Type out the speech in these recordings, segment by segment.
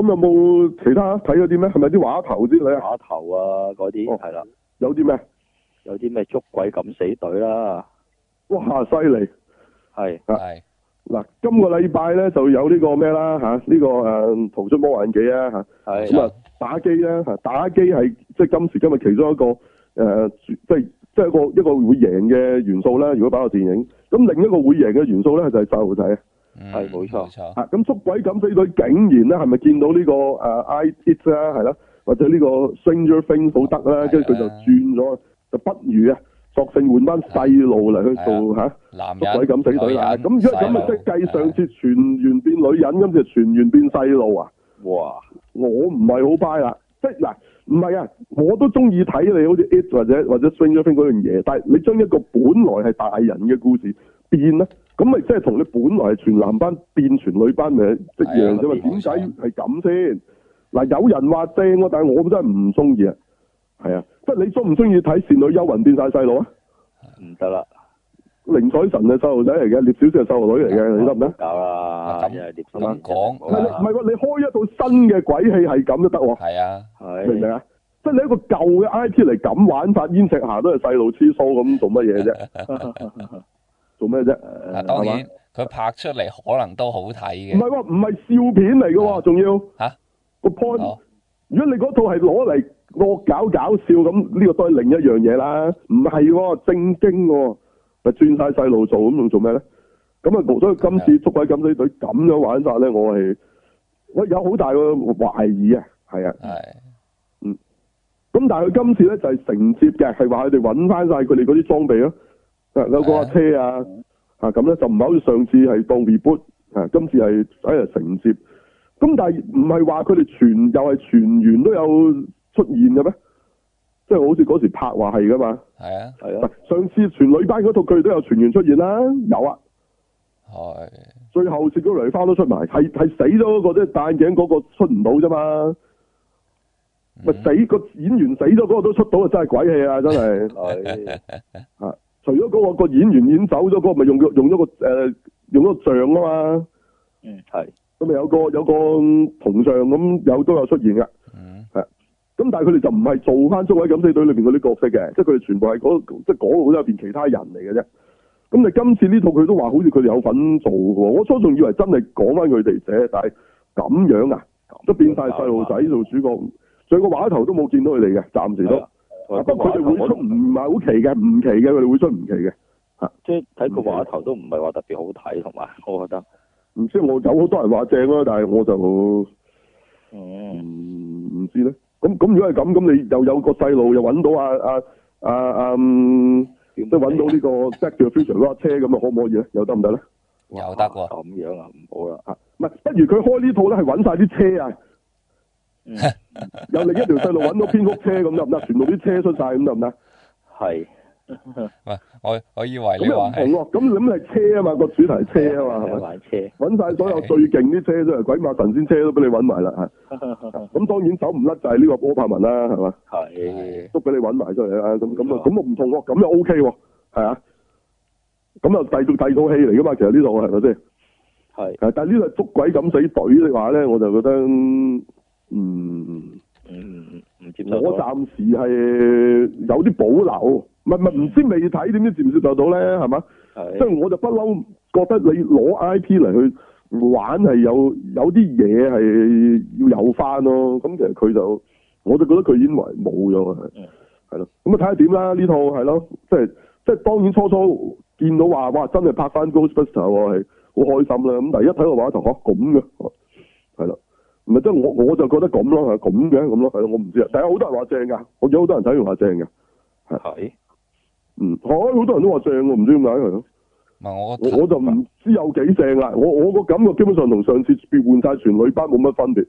咁、嗯、有冇其他睇咗啲咩？係咪啲畫頭之類啊？畫頭啊，嗰啲係啦。有啲咩？有啲咩捉鬼敢死隊啦、啊。哇，犀利！係係。嗱、啊，今個禮拜咧就有呢個咩啦吓？呢、啊這個誒、啊、逃出魔幻記啊吓。係。咁啊打機啦吓，打機係即係今時今日其中一個誒，即係即係一個一個會贏嘅元素啦。如果講到電影，咁另一個會贏嘅元素咧就係細路仔。係冇錯，冇錯啊！咁捉鬼敢死隊竟然咧，係咪見到呢、這個誒、啊，I It 呀、啊？係啦、啊、或者呢個 Stranger Things 好得啦、啊，跟住佢就轉咗、啊，就不如啊，索性換翻細路嚟去做吓。捉鬼敢死隊啦，咁如果咁啊，即係計上次全員變女人，咁就、啊、全員變細路啊？哇！我唔係好 buy 啦，即係嗱，唔係啊，我都中意睇你好似 It 或者或者 Stranger Things 嗰樣嘢，但係你將一個本來係大人嘅故事變咧。咁咪即係同你本來係全男班變全女班咪一、哎、樣啫嘛？點解係咁先？嗱，有人話正啊，但係我真係唔中意啊。係啊，啊，啊，啊，啊，啊，啊，即係你中唔中意睇倩女幽魂變晒細路啊？唔得啦，寧采臣係細路仔嚟嘅，聶小倩係細路女嚟嘅，你得唔得？得啦，咁又聶講，唔係唔你開一套新嘅鬼戲係咁都得喎？係啊，明唔明啊？即係你一個舊嘅 IP 嚟咁玩法，燕赤霞都係細路痴蘇咁，做乜嘢啫？ 啊 做咩啫？嗱，當然、嗯、佢拍出嚟可能都好睇嘅。唔係喎，唔係笑片嚟嘅喎，仲、啊、要嚇個、啊、point。如果你嗰套係攞嚟惡搞搞笑咁，呢個都係另一樣嘢啦。唔係、啊、正經喎、啊，咪轉晒細路做咁，仲做咩咧？咁啊，所以今次、啊、捉鬼敢死隊咁樣玩法咧，我係我有好大嘅懷疑係啊。係啊，係嗯。咁但係佢今次咧就係承接嘅，係話佢哋揾翻晒佢哋嗰啲裝備咯。啊！有嗰架車啊，吓咁咧就唔係好似上次係當 reboot，、啊、今次係喺度承接。咁但係唔係話佢哋全又係全員都有出現嘅咩？即係好似嗰時拍話係噶嘛？係啊，係咯。上次全女班嗰套佢哋都有全員出現啦，有啊。係、啊。最後接咗雷花都出埋，係係死咗嗰、那個啫，就是、戴眼鏡嗰個出唔到啫嘛。咪、嗯、死個演員死咗嗰個都出到真鬼氣啊，真係鬼氣啊，真係。係。啊。除咗嗰、那個、那個演員演走咗嗰，咪、那個、用個用咗個誒、呃、用咗個，、mm. 個，個像啊嘛，嗯係，咁咪有個有個銅像咁有都有出現嘅，咁、mm. 但係佢哋就唔係做翻《捉鬼敢死隊》裏面嗰啲角色嘅，即係佢哋全部係嗰即係嗰個裏邊、就是、其他人嚟嘅啫。咁你今次呢套佢都話好似佢哋有份做喎，我初仲以為真係講翻佢哋啫，但係咁樣，、啊、樣啊，都變晒細路仔做主角，所以、啊、個畫頭都冇見到佢哋嘅，暫時都。他們不過佢哋會唔係好奇嘅，唔奇嘅，佢哋會出唔奇嘅。嚇！即係睇個話頭都唔係話特別好睇，同埋我覺得唔知我有好多人話正咯，但係我就嗯唔、嗯、知咧。咁咁如果係咁，咁你又有個細路又揾到啊啊啊啊嗯，即係揾到呢、呢個 Jackie Fisher 車咁啊，可唔可以咧？有得唔得咧？有得喎！咁、啊、樣啊，唔好啦嚇！唔、啊、係，不如佢開呢套呢套咧，係揾晒啲車啊！ 有另一條細路揾到蝙蝠車咁得唔得？全部啲車出晒咁得唔得？係， 我我以為你話唔同喎，咁你咁係車啊嘛，個主題車啊嘛，係 咪是吧？車 晒所有最勁啲車都嚟，鬼馬神仙車都俾你揾埋啦，咁當然走唔甩就係呢個波帕文啦，係嘛？係， 都俾你揾埋出嚟啊！咁咁啊咁啊唔同喎，咁又 O K 喎，係啊？咁又第第套戲嚟噶嘛？其實呢度係咪先？係。 但呢個係捉鬼敢死隊嘅話咧，我就覺得。嗯嗯嗯我暫時係有啲保留，唔係唔知未睇點知接唔接受到咧，係嘛？即係、就是、我就不嬲覺得你攞 I P 嚟去玩係有有啲嘢係要有翻咯。咁其實佢就我就覺得佢已經為冇咗係。嗯。係咯。咁啊睇下點啦？呢套係咯，即係即係當然初初見到話哇真係拍翻 Ghostbuster 喎係好開心啦。咁但係一睇個畫頭嚇咁嘅，係啦。唔係，即係我我就覺得咁咯，係咁樣。咁咯，係我唔知啊。但係好多人話正噶，我見好多人睇完話正嘅，係，嗯，哎、好多人都話正我，我唔知點解係咯。唔係我我就唔知有幾正啊！我我個感覺基本上同上次換晒全女班冇乜分別。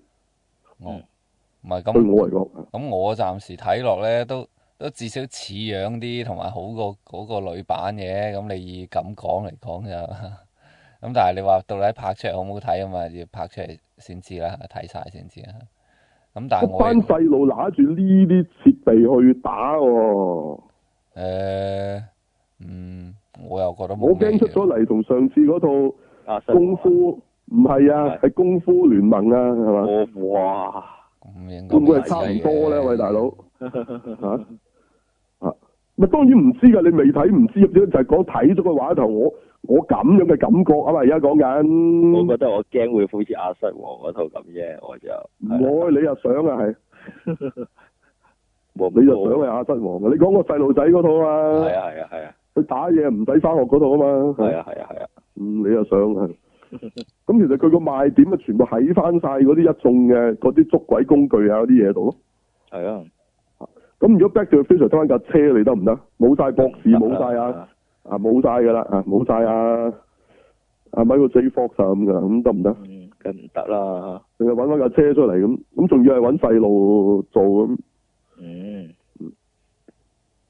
唔係咁，對我嚟講，咁我暫時睇落咧，都都至少似樣啲，同埋好過嗰個女版嘅。咁你以咁講嚟講就咁， 但係你話到底拍出嚟好唔好睇啊？嘛，要拍出嚟。先知啦，睇晒先知啦。咁但係我班細路拿住呢啲設備去打喎、哦。誒、呃，嗯，我又覺得我驚出咗嚟同上次嗰套功夫唔係啊，係、啊啊、功夫聯盟啊，係嘛？哇！咁應該係差唔多咧？喂，大佬吓啊！咪 當然唔知噶，你未睇唔知，就係講睇咗個話頭我。我咁樣嘅感覺啊嘛，而家講緊，我覺得我驚會好似阿瑟王嗰套咁啫，我就唔會你又想啊係，你就想啊阿瑟王啊？你講個細路仔嗰套啊嘛，係啊係啊係啊，佢打嘢唔使翻學嗰套啊嘛，係啊係啊係啊，咁你又想啊？咁、 嗯、 其實佢個賣點啊，全部喺翻晒嗰啲一眾嘅嗰啲捉鬼工具啊，嗰啲嘢度咯，係啊。咁如果 back to the future 得翻架車你得唔得？冇晒博士，冇 晒了啊。 啊冇晒噶啦啊冇晒啊啊買個四方咁噶，咁得唔得？梗唔得啦！你又搵翻架車出嚟咁，咁仲要係搵細路做咁。嗯，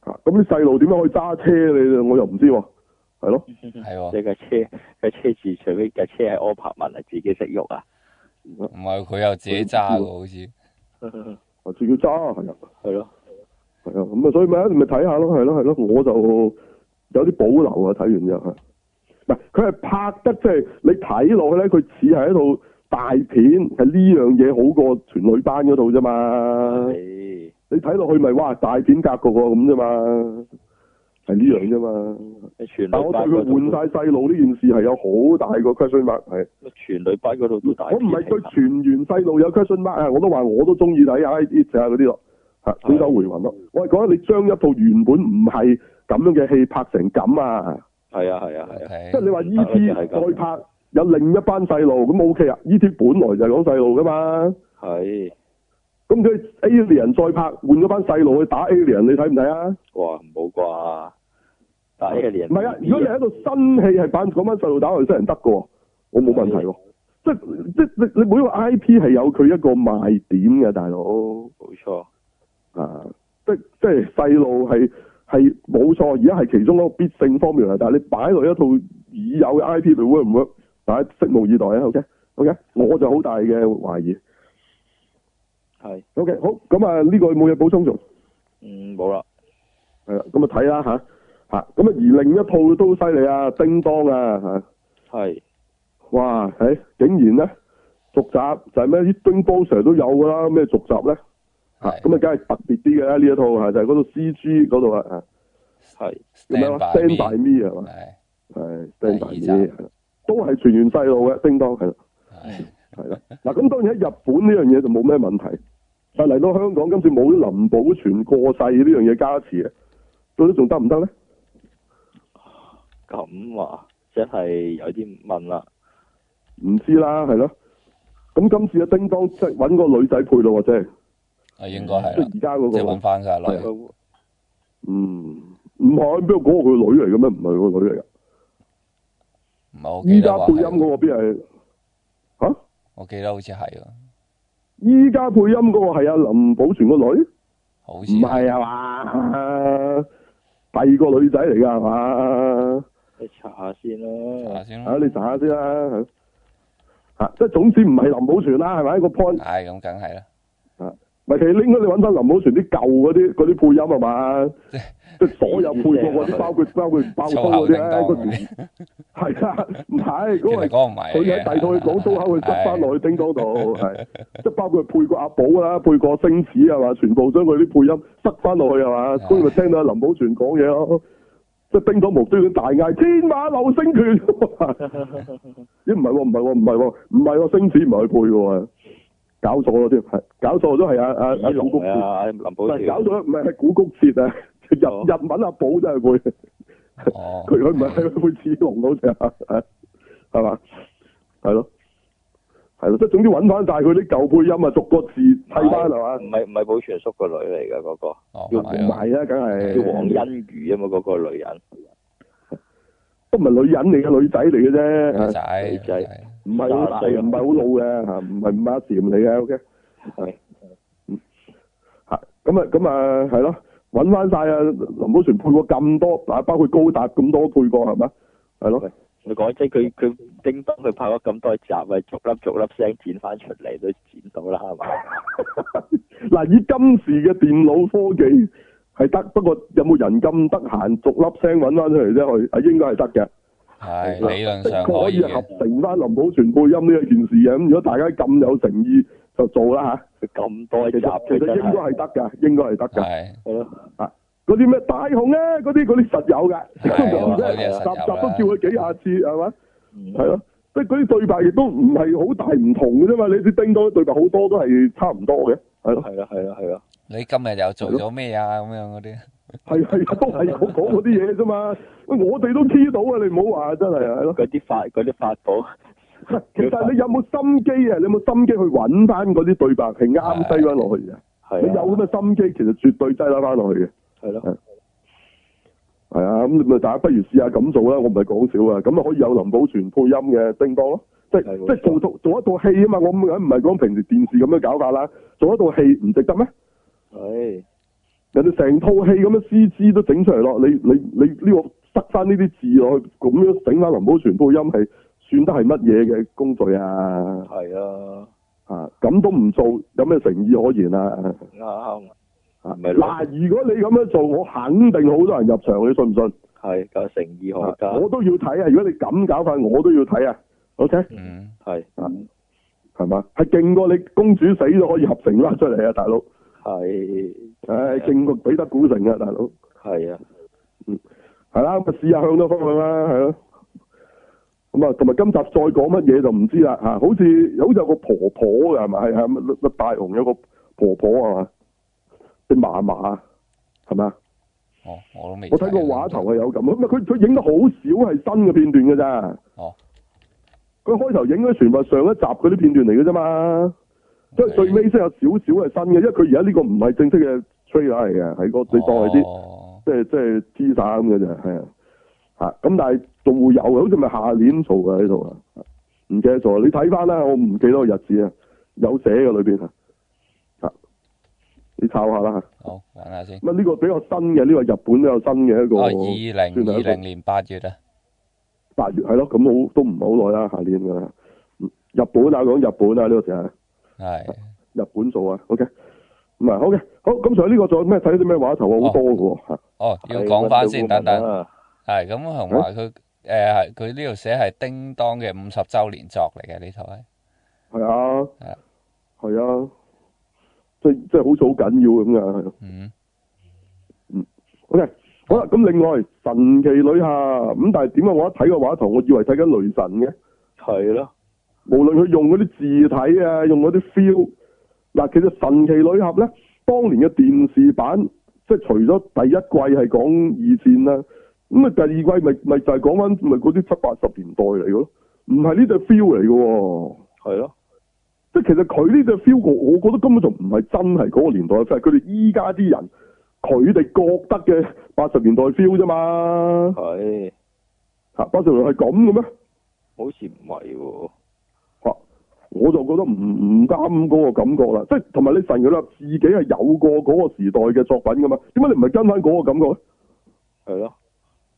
咁啲細路點樣可以揸車？你我又唔知，係咯？係喎。架車架車字，除非架車係柯柏文啊，自己識喐啊？唔係，佢又自己揸喎，好似。啊！ 的車 仲要揸係啊。係、嗯、咯。係啊，咁啊，所以咪一定咪睇下咯，係咯、啊，係咯，我就。有啲保留啊！睇完之後，唔係佢係拍得即係你睇落去咧，佢似係一套大片，係呢樣嘢，好過全女班嗰度啫嘛。你睇落去咪哇大片格局喎咁啫嘛，係呢樣啫嘛。但我對佢換晒細路呢件事係有好大個 question mark，係全女班嗰度都大。我唔係對全員細路有 question mark 啊，我都話我都中意睇啊，即啲咯吓，水手回魂咯。我係覺得你將一套原本唔係。咁樣嘅戲拍成咁啊！係啊係啊係啊！即係、啊啊就是、你話 E.T.、就是、再拍有另一班細路咁 O.K. 啊！E.T. 本來就係講細路噶嘛。係、啊。咁佢 Alien 再拍換咗班細路去打 Alien，你睇唔睇啊？哇，唔好啩、啊！打 Alien。唔係啊！如果你喺度新戲係扮嗰班細路打去，雖然得嘅喎，我冇問題喎、啊啊。即係即係你你每一個 I.P. 係有佢一個賣點嘅，大佬。冇錯。啊！即即係細路係。係冇錯，而家係其中一個必勝方面嚟，但係你擺落一套已有嘅 IP 會唔會？大家拭目以待啊！OK，OK，我就好大嘅懷疑。係。OK，好，咁啊呢個冇嘢補充做？嗯，冇啦。係、啊、啦，咁啊睇啦吓，吓、啊，咁啊而另一套都好犀利啊！叮噹啊吓。係、啊。哇，誒、欸，竟然咧續集就係咩？啲叮噹成日都有噶啦，咩續集咧？咁啊，梗係特別啲嘅啦！呢一套係就係嗰度 C G 嗰度啊，啊，係，咩話？Stand by me 啊嘛，係，係 Stand by me，係啦，都係全員細路嘅叮噹係啦，係，啦。嗱咁當然喺日本呢樣嘢就冇咩問題，但嚟到香港今次冇林保全過世呢樣嘢加持啊，到底仲得唔得咧？咁話即係有啲問啦，唔知啦，係咯。咁今次嘅叮噹即揾個女仔配咯或者。即係應應該係、那個、即而家嗰個即係揾翻㗎，嗯那個、女嗯唔係邊個講佢個女嚟嘅咩？唔係喎，女嚟嘅。唔係，依家配音嗰個邊係嚇？我記得好似係喎。依家配音嗰個係阿林保全個女，好似係。唔係呀嘛？第二個女仔嚟㗎係嘛？你查下先啦，查下先啦、啊。你查下先啦。嚇、啊！即係總之唔係林保全啦，係咪個 point？係、啊、咁，梗係啦。咪佢拎咗你搵翻林保全啲舊嗰啲啲配音係嘛？即 係所有配過嗰啲，包括包括包租嗰啲係啊，唔係嗰個佢喺遞到去廣州口，佢塞翻落去叮噹度。即係包括配過阿寶啦，配過星矢係嘛？全部將佢啲配音塞翻落去係嘛？咁咪 聽到林保全講嘢咯。即係叮噹無端端大嗌天馬流星拳。咦、哦？唔係喎、哦，唔係喎，唔係喎，唔係喎，星矢唔係佢配喎。搞錯咗添，係搞錯都係啊啊！古谷，搞錯唔係係古谷徹啊，啊！日、哦、日文阿、啊、寶真係會，佢佢唔係係會似龍寶啊，係 嘛，係咯，係咯，即係總之揾翻晒佢啲舊配音啊，逐個字替翻啦嘛。唔係唔係寶全叔個女嚟嘅嗰個，叫唔係啊，梗係叫黃欣如啊嘛，嗰、嗰個女人都唔係女人嚟嘅，女仔嚟嘅啫，仔女仔。女唔係好肥，唔係好老嘅嚇，唔係唔係阿時唔理嘅，OK，係，嗯，係，咁啊，咁啊，係咯，揾翻晒啊！林保全配過咁多，啊，包括高達咁多配過係嘛？係咯，你講即佢佢叮當佢拍咗咁多集，係逐粒逐粒聲剪翻出嚟都剪到啦，係嘛？嗱， 以今時嘅電腦科技係得，不過有冇人咁得閒逐粒聲揾翻出嚟啫？佢啊，應該係得嘅。係理論上可以，可以合成翻林保全配音呢一件事嘅，咁如果大家咁有誠意就做啦吓。咁多嘅集，其實應該係得噶，應該係得噶。係，好咯。啊，嗰啲咩大雄啊，嗰啲嗰啲實有嘅，集集都叫佢幾廿次，係嘛？係、嗯、咯，即係嗰啲對白亦都唔係好大唔同嘅啫嘛。你你叮噹啲對白好多都係差唔多嘅，係咯。係啦，係啦，係啦。你今日有做咗咩啊？咁樣嗰啲。係 係都係講嗰啲嘢啫嘛， 我哋都知道啊！你唔好話，真係係咯。嗰啲法嗰啲法寶， 其實你有冇心機啊？你有冇心機去揾翻嗰啲對白係啱低翻落去嘅？係你有咁嘅心機，其實絕對低得翻落去嘅。係咯，係啊，咁咪大家不如試下咁做啦。我唔係講笑啊，咁啊可以有林保全配音嘅，叮噹咯，即係即係做做做一套戲啊嘛。我唔係唔係講平時電視咁樣搞法啦，做一套戲唔值得咩？係。人哋成套戲咁樣 CG 都整出嚟咯，你你你呢、這個塞翻呢啲字落去，咁樣整翻林保全配音係，算得係乜嘢嘅工序啊？係啊，吓、啊、咁都唔做，有咩誠意可言啊？啱咪嗱，如果你咁樣做，我肯定好多人入場，你信唔信？係，有誠意可加、啊。我都要睇啊！如果你咁搞法，我都要睇啊。O、okay? K，嗯，係啊，係嘛，係勁過你公主死咗可以合成翻出嚟啊，大佬。係，唉、啊，正局比得古城噶，大佬。係啊，嗯，係啦，咁啊，試下向咗方向啦，係咯。咁啊，同埋今集再講乜嘢，就唔知啦吓，好似好似有個婆婆嘅，係咪？係係、啊、大雄有個婆婆係嘛？只馬馬係咪啊？哦，我都未。我睇個畫頭係有咁，咁啊，佢佢影得好少係新嘅片段㗎咋。哦。佢開頭影咗全部上一集嗰啲片段嚟嘅啫嘛。即係最尾先有少少係新嘅，因為佢而家呢個唔係正式嘅 trailer 嚟嘅，喺個你多啲即係即係 p i 咁嘅啫，係、哦、啊，吓咁但係仲會有的，好似咪下年做嘅喺度啊，唔記，記得咗，你睇翻啦，我唔記得個日子啊，有寫嘅裏邊啊，你抄下啦，好、哦，下先。乜、這、呢個比較新嘅？呢、這個日本都有新嘅、這個、一個。哦，二零二零年八月啊，八月係咯，咁好都唔好耐啦，下年嘅啦，日本，啊、講日本啊，講日本啊，呢個時候。係日本做啊，OK，唔係 OK 好，咁除呢個做咩睇啲咩畫頭啊，好、哦、多嘅，哦，要講翻先，等等，係咁同埋佢誒係佢呢度寫係叮噹嘅五十周年作嚟嘅呢台，係啊，係啊，即即係好似好緊要咁樣、啊。嗯，嗯，OK，好啦，咁另外神奇女俠咁，但係點解我一睇個畫頭，我以為睇緊雷神嘅，係啦。無論佢用嗰啲字體啊，用嗰啲 feel，嗱，其實神奇女俠咧，當年嘅電視版，即係除咗第一季係講二戰啦，咁啊第二季咪咪就係講翻咪嗰啲七八十年代嚟嘅咯，唔係呢隻 feel 嚟嘅，係咯，即係其實佢呢隻 feel 我我覺得根本就唔係真係嗰個年代嘅 feel，佢哋依家啲人佢哋覺得嘅八十年代 feel 啫嘛，係，吓，八十年代係咁嘅咩？好似唔係。我就覺得唔唔啱嗰個感覺啦，即係同埋你神女自己係有過嗰個時代嘅作品噶嘛，點解你唔係跟翻嗰個感覺咧？係咯，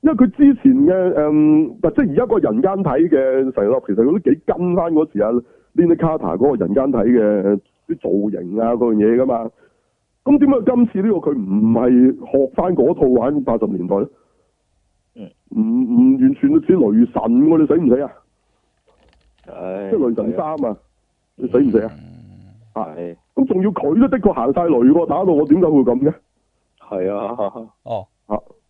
因為佢之前嘅誒、嗯，即係而家個人間體嘅神女，其實佢都幾跟翻嗰時啊 Linda Carter 嗰個人間體嘅啲造型啊嗰樣嘢噶嘛。咁點解今次呢、這個佢唔係學翻嗰套玩八十年代咧？嗯，唔唔完全都似雷神，你死唔死啊？即係雷神三啊！你死唔死啊？係咁，仲要佢都的確行晒雷喎，打到我，點解會咁嘅？係啊，哦，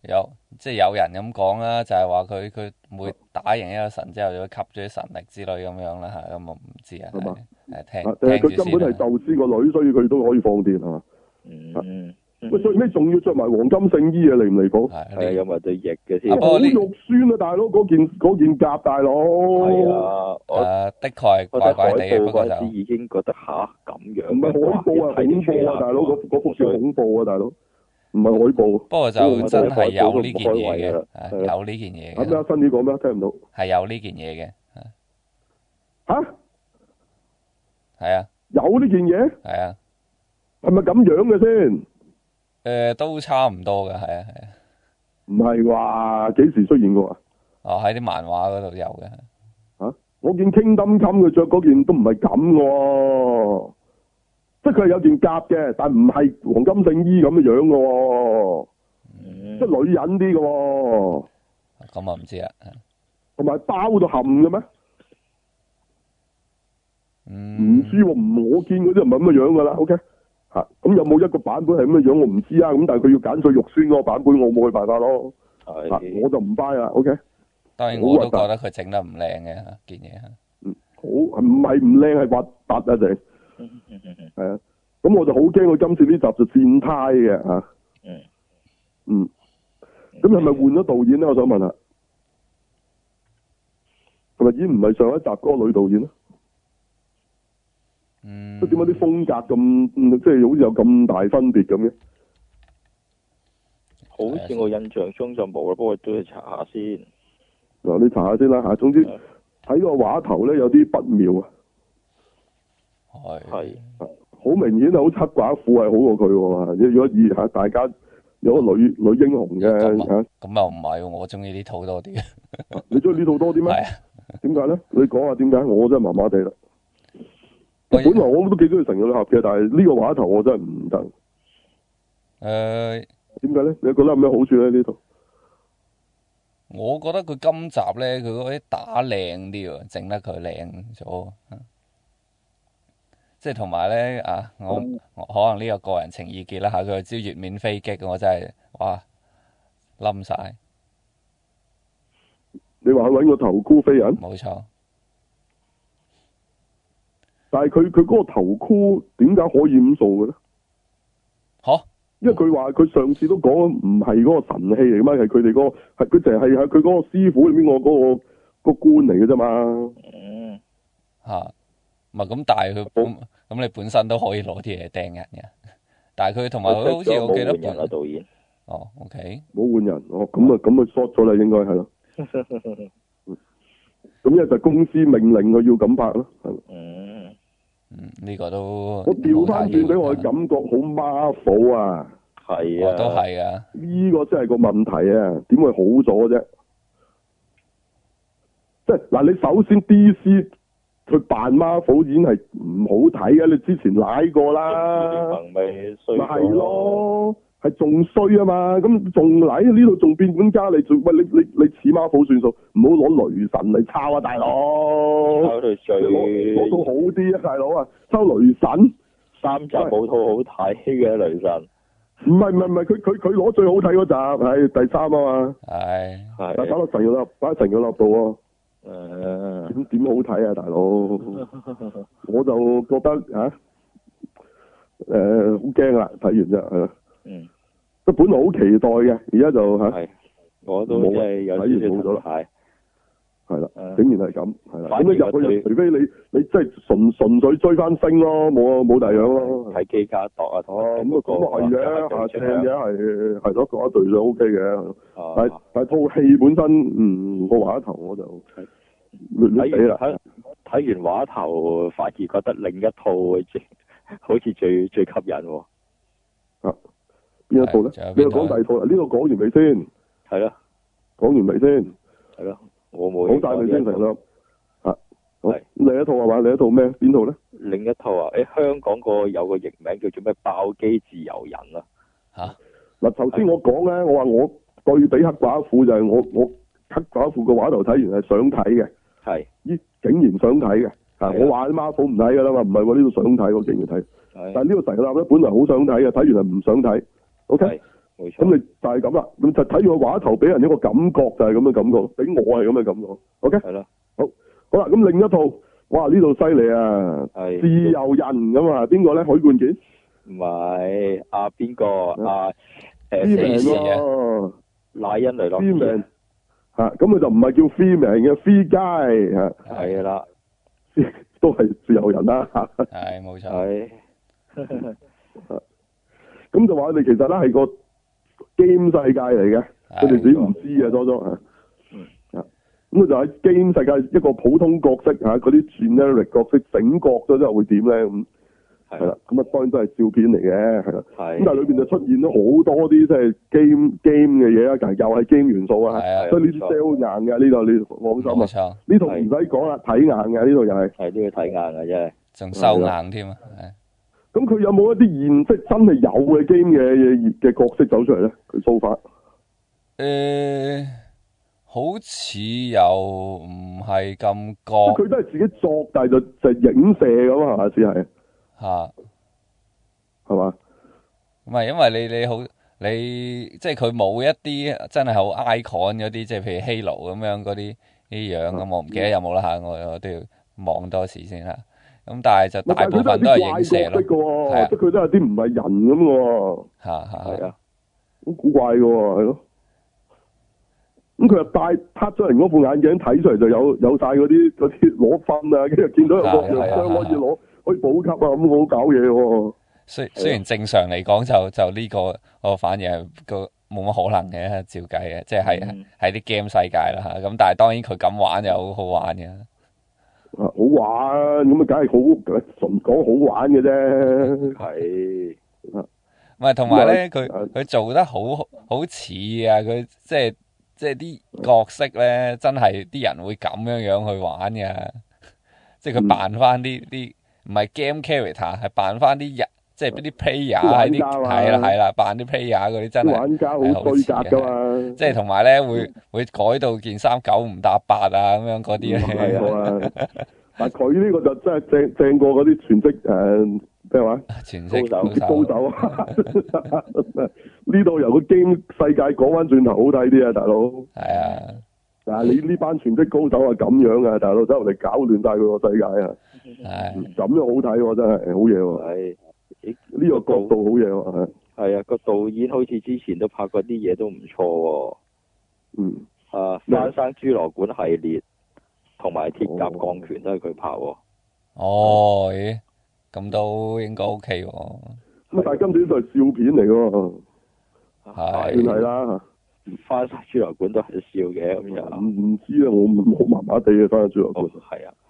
有即係有人咁講啦，就係話佢佢每打贏一個神之後，就會吸咗啲神力之類咁樣啦吓，咁我唔知啊，係聽聽住。佢根本係宙斯個女，所以佢都可以放電，係嘛？嗯。喂，最屘仲要着埋黃金聖衣啊！離唔離譜？係係咁啊，有埋對翼嘅先。好肉酸啊，大佬！嗰件嗰件甲，大佬。係啊，誒、啊，的確係怪怪地嘅。嗰陣時已經覺得吓咁、啊、樣。唔係海報啊，係、啊、恐怖啊，大佬！嗰幅最恐怖啊，大佬。唔係海報。不過就真係有呢件嘢嘅，有呢件嘢。阿咩啊？新宇講咩？聽唔到。係有呢件嘢嘅。吓？係啊。有呢件嘢？係啊。係咪咁樣嘅先？誒、嗯，都差唔多嘅，係啊，係啊，唔係話幾時出現過啊？喺、哦、啲漫畫嗰度有嘅。啊，我見金金襟佢着嗰件都唔係咁嘅，即係佢係有件夾嘅，但唔係黃金聖衣咁嘅樣嘅、啊，即、嗯、係女人啲嘅、啊。咁啊唔知啦、啊，同埋包到冚嘅咩？唔、嗯、知、啊，唔我見嗰啲唔係咁嘅樣噶啦、啊、OK。咁、啊、有冇一個版本係咁嘅樣？我唔知啊。咁但係佢要揀最肉酸嗰個版本，我冇去辦法咯。係、okay。啊，我就唔 buy 啦。O K，但係我都覺得佢整得唔靚嘅吓，件嘢吓。好，唔係唔靚，係核突啊！整，係 啊。咁我就好驚佢今次呢集就變態嘅吓。啊、 嗯。咁係咪換咗導演咧？我想問下，係咪已經唔係上一集嗰個女導演咧？佢點解啲風格咁即係好似有咁大分別咁嘅？好似我印象中就冇啦，不過都要查下先。嗱，你查下先啦吓。總之，睇個話頭咧，有啲不妙啊。係係，好明顯好七寡婦係好過佢。如果二下，大家有個女女英雄嘅咁又唔係喎？我中意呢套多啲。 你中意呢套多啲咩？點解咧？你講下點解？我真係麻麻地啦。本來我都幾鍾意神女俠嘅，但係呢個話頭我真係唔得。誒、呃，點解咧？你覺得有咩好處咧？呢度？我覺得佢今集咧，佢嗰啲打靚啲啊，整得佢靚咗。即係同埋咧啊，我，、嗯、我可能呢個個人情意結啦吓，佢招月面飛擊，我真係哇冧晒。你話去搵個頭箍飛人？冇錯。但係佢佢嗰個頭箍點解可以咁做嘅咧？吓、啊，因為佢話佢上次都講唔係嗰個神器嚟噶嘛，係佢哋個係佢淨係喺佢嗰個師傅入邊個個、嗰個官嚟嘅啫嘛。嗯，吓，唔係咁，但係佢本咁、嗯、你本身都可以攞啲嘢掟人嘅。 但係佢同埋好似我記得啊，導、嗯、演。哦，OK，冇換人，哦咁啊咁啊 short 咗啦，應該係咯。 嗯，咁一就公司命令佢要咁拍咯，係。嗯。呢、這個都我調翻轉俾我嘅感覺好 Marvel 啊，係啊，都係啊，呢個真係個問題啊，點會好咗啫？即係嗱，你首先 D C 佢扮 Marvel 已經係唔好睇啊，你之前瀨過啦，咪衰咗咯。係仲衰啊嘛，咁仲嚟呢度仲變本加厲，喂，你你你似馬虎算數，唔好攞雷神嚟抄啊，大佬。抄對最。套好啲啊，大佬啊，抽雷神三集，冇套好睇嘅雷神。唔係唔係唔係，佢佢佢攞最好睇嗰集，係、哎、第三啊嘛。係、哎、係。把阿神嗰粒，把阿神嗰粒到立。誒。點點、哎、好睇啊，大佬？ 我就覺得啊，誒好驚啊，睇完啫，係、啊、嗯。本來好期待嘅，而家就係我都即係睇完冇咗啦，係係啦，竟然係咁，係、啊、啦，入去除非你你即係純純粹追翻星咯，冇冇大樣咯。睇機家檔啊，哦咁啊咁啊係嘅、就是，下剩嘅係係咗嗰一隊就 OK 嘅，但但套戲本身，嗯，個畫頭我就，睇睇睇完畫頭反而覺得另一套好似最最吸引喎、哦。邊一套咧？你又講第二套啦？呢個講完未先？係啦，講完未先？係咯，我冇、啊。好大味先。成粒，吓，係另一套係嘛？另一套咩？邊套咧？另一套啊！誒，香港個有個譯名叫做咩？爆機自由仁啊！吓、啊，嗱、啊，頭先我講咧，我話我對比黑寡婦就係我我黑寡婦嘅畫頭睇完係想睇嘅，係，咦竟然想睇嘅，吓，我話啲孖寶唔睇噶啦嘛，唔係喎，呢度想睇我竟然睇，但係呢個成粒，本來好想睇嘅，睇完係唔想睇。O K，冇錯，咁你就係咁啦，咁就睇住個畫頭俾人一個感覺，就係咁嘅感覺，俾我係咁嘅感覺。O K，係啦，好，好啦，咁另一套，哇，呢度犀利啊！係自由人咁啊，邊個咧？許冠傑唔係啊？邊個啊？誒，free man 咯，賴恩雷諾斯，嚇，咁佢就唔係叫 free man 嘅，Free Guy 嚇，係啦，都係自由人啦，係冇錯。咁就話你哋其實咧係個 game 世界嚟嘅，佢哋自己唔知啊多咗啊，咁佢、嗯、就喺 game 世界一個普通角色嗰啲、嗯、generic 角色整角色都之後會點咧？咁係啦，咁啊當然都係笑片嚟嘅，係啦。咁但裏面就出現咗好多啲即係 game game 嘅嘢啦，就又係 game 元素啊。係啊。所以呢啲 sell 硬嘅呢度你放心啊。呢度唔使講啦，睇硬嘅呢度又係。係都要睇硬嘅，啫，仲收硬添啊！咁佢有冇一啲現實真係有嘅 game 嘅嘅角色走出嚟咧？佢做法，誒、欸，好似又唔係咁幹。佢都係自己作，但係就就影射咁嘛係咪先係？吓，係、啊、嘛？唔係，因為你你好，你即係佢冇一啲真係好 icon 嗰啲，即係譬如 Halo 咁樣嗰啲呢樣咁、啊，我唔記得有冇啦吓，我我都要望多次先吓。咁但係就大部分都係影射咯，即係佢都係啲唔係人咁嘅，係啊，好、啊啊啊、古怪嘅，係咯、啊。咁佢又戴 part 出嚟嗰副眼鏡睇出嚟就有有晒嗰啲啲攞分看啊，跟住見到有個楊雙可以攞可以補給啊，咁好搞嘢喎。雖雖然正常嚟講就就呢、這個我反而係個冇乜可能嘅，照計嘅，即係喺喺啲 game 世界啦吓。咁但係當然佢咁玩就好好玩嘅。啊，好玩，咁啊，梗係好純講好玩嘅啫。係，唔係同埋咧，佢、嗯、佢做得好好似啊，佢即係即係啲角色咧、嗯，真係啲人會咁樣樣去玩嘅，即係佢扮翻啲啲，唔、嗯、係 game character，係扮翻啲人。即係啲 player，係啦係啦，扮啲 player 嗰啲真係玩家好対白噶嘛。即係同埋咧，會會改到件衫九唔搭八啊，咁樣嗰啲嘅。係啊，嗯、 但佢呢個就真係正正過嗰啲全職誒，咩、呃、話？全職高手，高手，高手，高手 啊！呢度由個驚世界，講翻轉頭好睇啲啊，大佬。係啊，但係你呢班全職高手啊咁樣啊，大佬，我哋搞亂晒佢個世界啊！係咁樣好睇喎，真係好嘢喎。呢呢、呢個角度好嘢喎，係、個。啊，個導演好似之前都拍過啲嘢都唔錯喎、啊。嗯。啊，翻生侏羅館系列同埋鐵甲鋼拳都係佢拍喎。哦，咁、欸、都應該 OK 喎、啊。咁但係今年就係笑片嚟喎。係、啊啊。算係啦。翻生侏羅館都係笑嘅咁又。唔、嗯、唔、嗯、知啊，我唔好麻麻地嘅翻生侏羅館。哦、啊。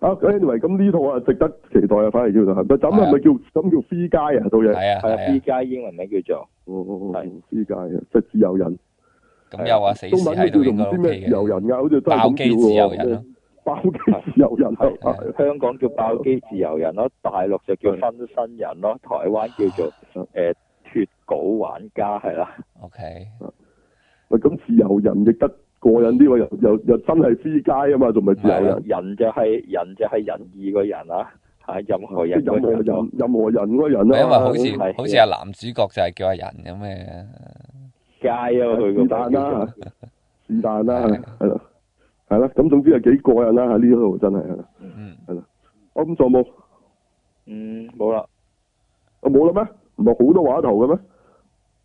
啊，Anyway，咁呢套啊值得期待啊，反而叫做係咪？咁係咪叫咁叫 Free Guy 啊？到嘢係啊，係啊，Free Guy 英文名叫做哦哦，係 Free Guy 啊，即係自由人。咁又話死死喺度做唔知咩自由人噶，好似真係好基自由人咯，爆機自由仁，香港叫爆機自由仁咯，大陸就叫分身人咯，台灣叫做誒脫稿玩家係啦。OK，喂，咁自由人亦得。過癮啲喎，又又又真係 free guy 啊嘛，仲唔係？人就係人就係仁義嘅人啊，係任何人，任任任何人嗰個人啊，因為好似好似係男主角就係叫阿仁咁嘅，街啊嘛，是但啦，是但啦，係咯，係啦，咁總之係幾過癮啦，喺呢度真係，嗯，係啦，我咁做冇，嗯，冇啦，我冇啦咩？唔係好多話頭嘅咩？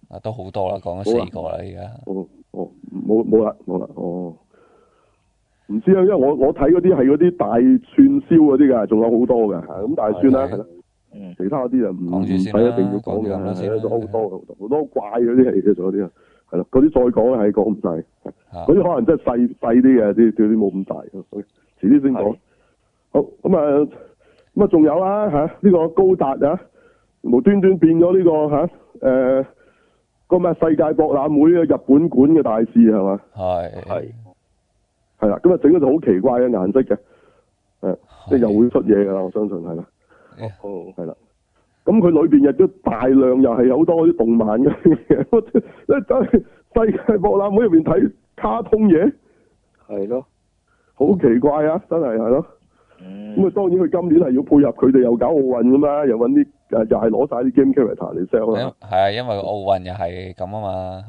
啊，都好多啦，講咗四個啦，而家。哦，冇冇啦，冇啦，哦，唔知啊，因為我我睇嗰啲係嗰啲大串燒嗰啲噶，仲有好多噶，咁大串啦，係啦，其他嗰啲就唔使一定要講嘅，係啦，好多好多怪嗰啲係嘅，仲有啲啊，係啦，嗰啲再講咧，係講唔晒，嗰啲可能真係細細啲嘅，啲啲冇咁大遲，好，遲啲先講，好，咁啊，咁啊，仲有啦。吓，呢個高達啊，無端端變咗呢個吓，誒。個咩世界博覽會嘅日本館嘅大使係嘛？係係係啦，咁啊整就好奇怪嘅顏色嘅，誒，即係又會出嘢噶啦，我相信係啦。哦，係、嗯、啦，咁佢裏邊亦都大量又係好多啲動漫嘅嘢，我 係世界博覽會入邊睇卡通嘢，係咯，好奇怪啊，真係係咯。咁啊、嗯，當然佢今年係要配合佢哋又搞奧運噶嘛，又揾啲。又係攞晒啲 game character 嚟 sell 囉，係啊，因為奧運又係咁啊嘛，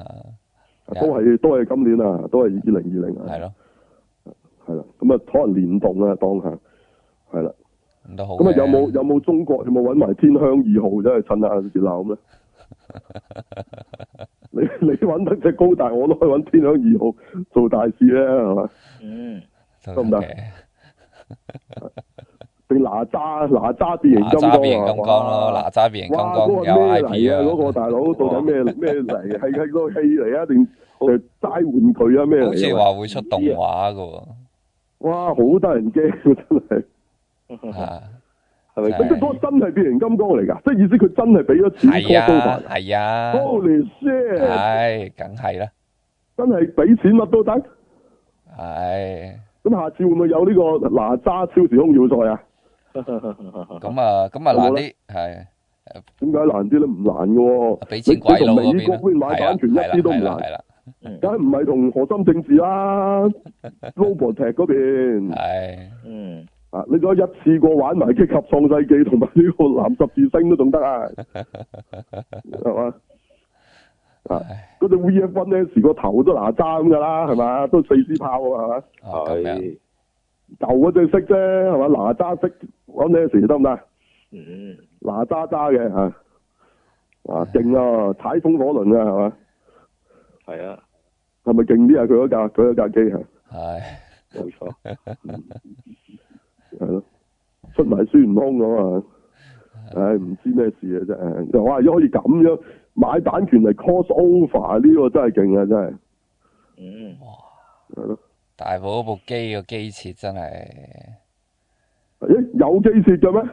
都係都係今年啊，都係二零二零啊，係咯，係啦，咁啊可能聯動啊當下，係啦，咁都好。咁啊有冇有冇中國有冇揾埋天香二號真係趁下阿熱鬧咩？你你揾得隻高大，我都去揾天香二號做大事咧，啊，係嘛？嗯，得唔得？ 行不行 定哪吒，哪吒變形金剛咯，哪吒變形金剛有 IP 啊，嗰、嗰個大佬到底咩咩嚟？係係個戲嚟啊，定就齋玩具啊咩？即係話會出動畫噶。哇，好得人驚真係，係、啊、咪、 啊？即個真係變形金剛嚟噶，即係意思佢真係俾咗錢高刀係啊，啊，Holy shit，梗係啦，真係俾錢乜都得，係、哎，咁下次會唔會有呢個哪吒超時空要塞啊？咁 啊，咁啊難啲係，點、哦、解難啲咧？唔難嘅喎，你同美國邊買版權一啲都唔難，係啦、啊，梗唔係同核心政治啦，Lobo 踢嗰邊係，嗯啊，你咁一次過玩埋《激俠創世紀》同埋呢個藍十字星都仲得啊，係 嘛是吧，啊，嗰隻 v f 咁咧，時個頭都哪吒咁噶啦，係嘛，都四支炮啊，係嘛，係、哦。舊嗰隻識啫，係嘛？哪吒識，我咩事得唔得？嗯，哪吒揸嘅吓，啊勁哦、嗯啊，踩風火輪啊，係嘛？係啊，係咪勁啲啊？佢嗰架，佢嗰架機係？係、哎，冇、嗯、錯，係 咯，出埋孫悟空啊嘛，唉、 哎，唔知咩事啊，真係，哇，而家可以咁樣買版權嚟 cross over 呢個真係勁啊，真係，嗯，係咯。大部嗰部機嘅機設真係，咦、欸、有機設嘅咩？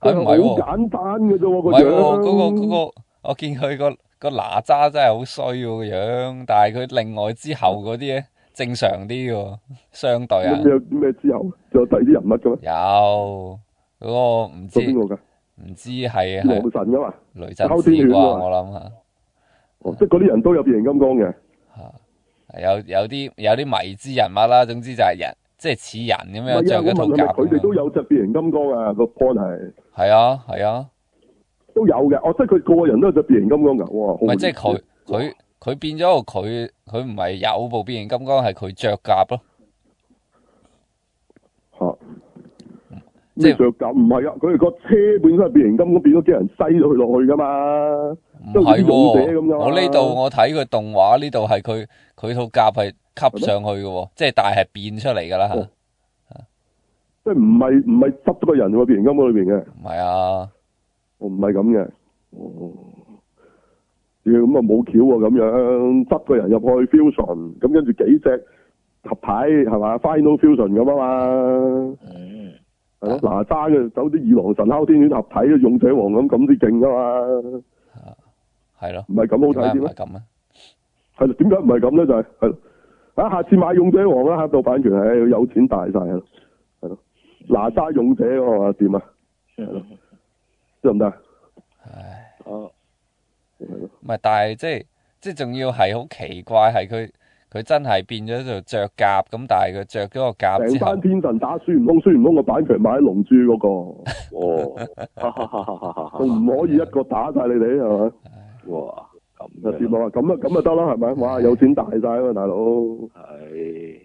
佢唔係喎，簡單嘅啫喎，啊，那個唔喎，嗰、那個嗰、那個，我見佢個個哪吒真係好衰個樣，但係佢另外之後嗰啲咧正常啲喎、啊，相對啊。咩之後？仲有第啲人物嘅？有嗰、那個唔知，唔知係啊。雷神咁啊，抽天雨嘅嘛？我諗下，即係嗰啲人都有變形金剛嘅。有有啲有啲迷之人物啦，總之就係人即係似人咁樣着一套甲。唔係啊，同佢哋都有隻變形金剛、那個、啊，個 point 係。係啊係啊，都有嘅。哦，即係佢個人都有隻變形金剛噶。哇，唔係即係佢佢佢變咗個佢，佢唔係有部變形金剛，係佢着甲咯。吓。即係着緊，唔係啊！佢個車本身係變形金，咁變咗啲人塞咗去落去噶嘛，都係軟地咁噶嘛。我呢度我睇佢動畫呢度係佢佢套夾係吸上去噶、哦啊，即係但係變出嚟噶啦吓。即係唔係唔係執咗個人喎變形金裏邊嘅。唔係啊，我唔係咁嘅。哦，屌咁、哦、啊冇橋啊咁樣執個人入去 fusion，咁跟住幾隻合體，係咪 final fusion 咁啊嘛。係咯，哪吒嘅，走啲二郎神、哮天犬合體嘅勇者王咁咁啲勁噶嘛，係咯、啊，唔係咁好睇啲咧？係咯，點解唔係咁咧？就係，啊，下次買勇者王啦，吓到版權，唉、哎，有錢大晒啊，係咯，哪吒勇者，我話掂啊，得唔得？唉，好，唔係，但係即係，即係仲要係好奇怪，係佢。佢真係變咗就着甲咁，但係佢着咗個甲之後，成班天神打孫悟空，孫悟空個版權買龍珠嗰個，哦，唔可以一個打晒你哋係咪？哇，咁咁啊，咁啊得啦係咪？哇，有錢大晒啊嘛，大佬，係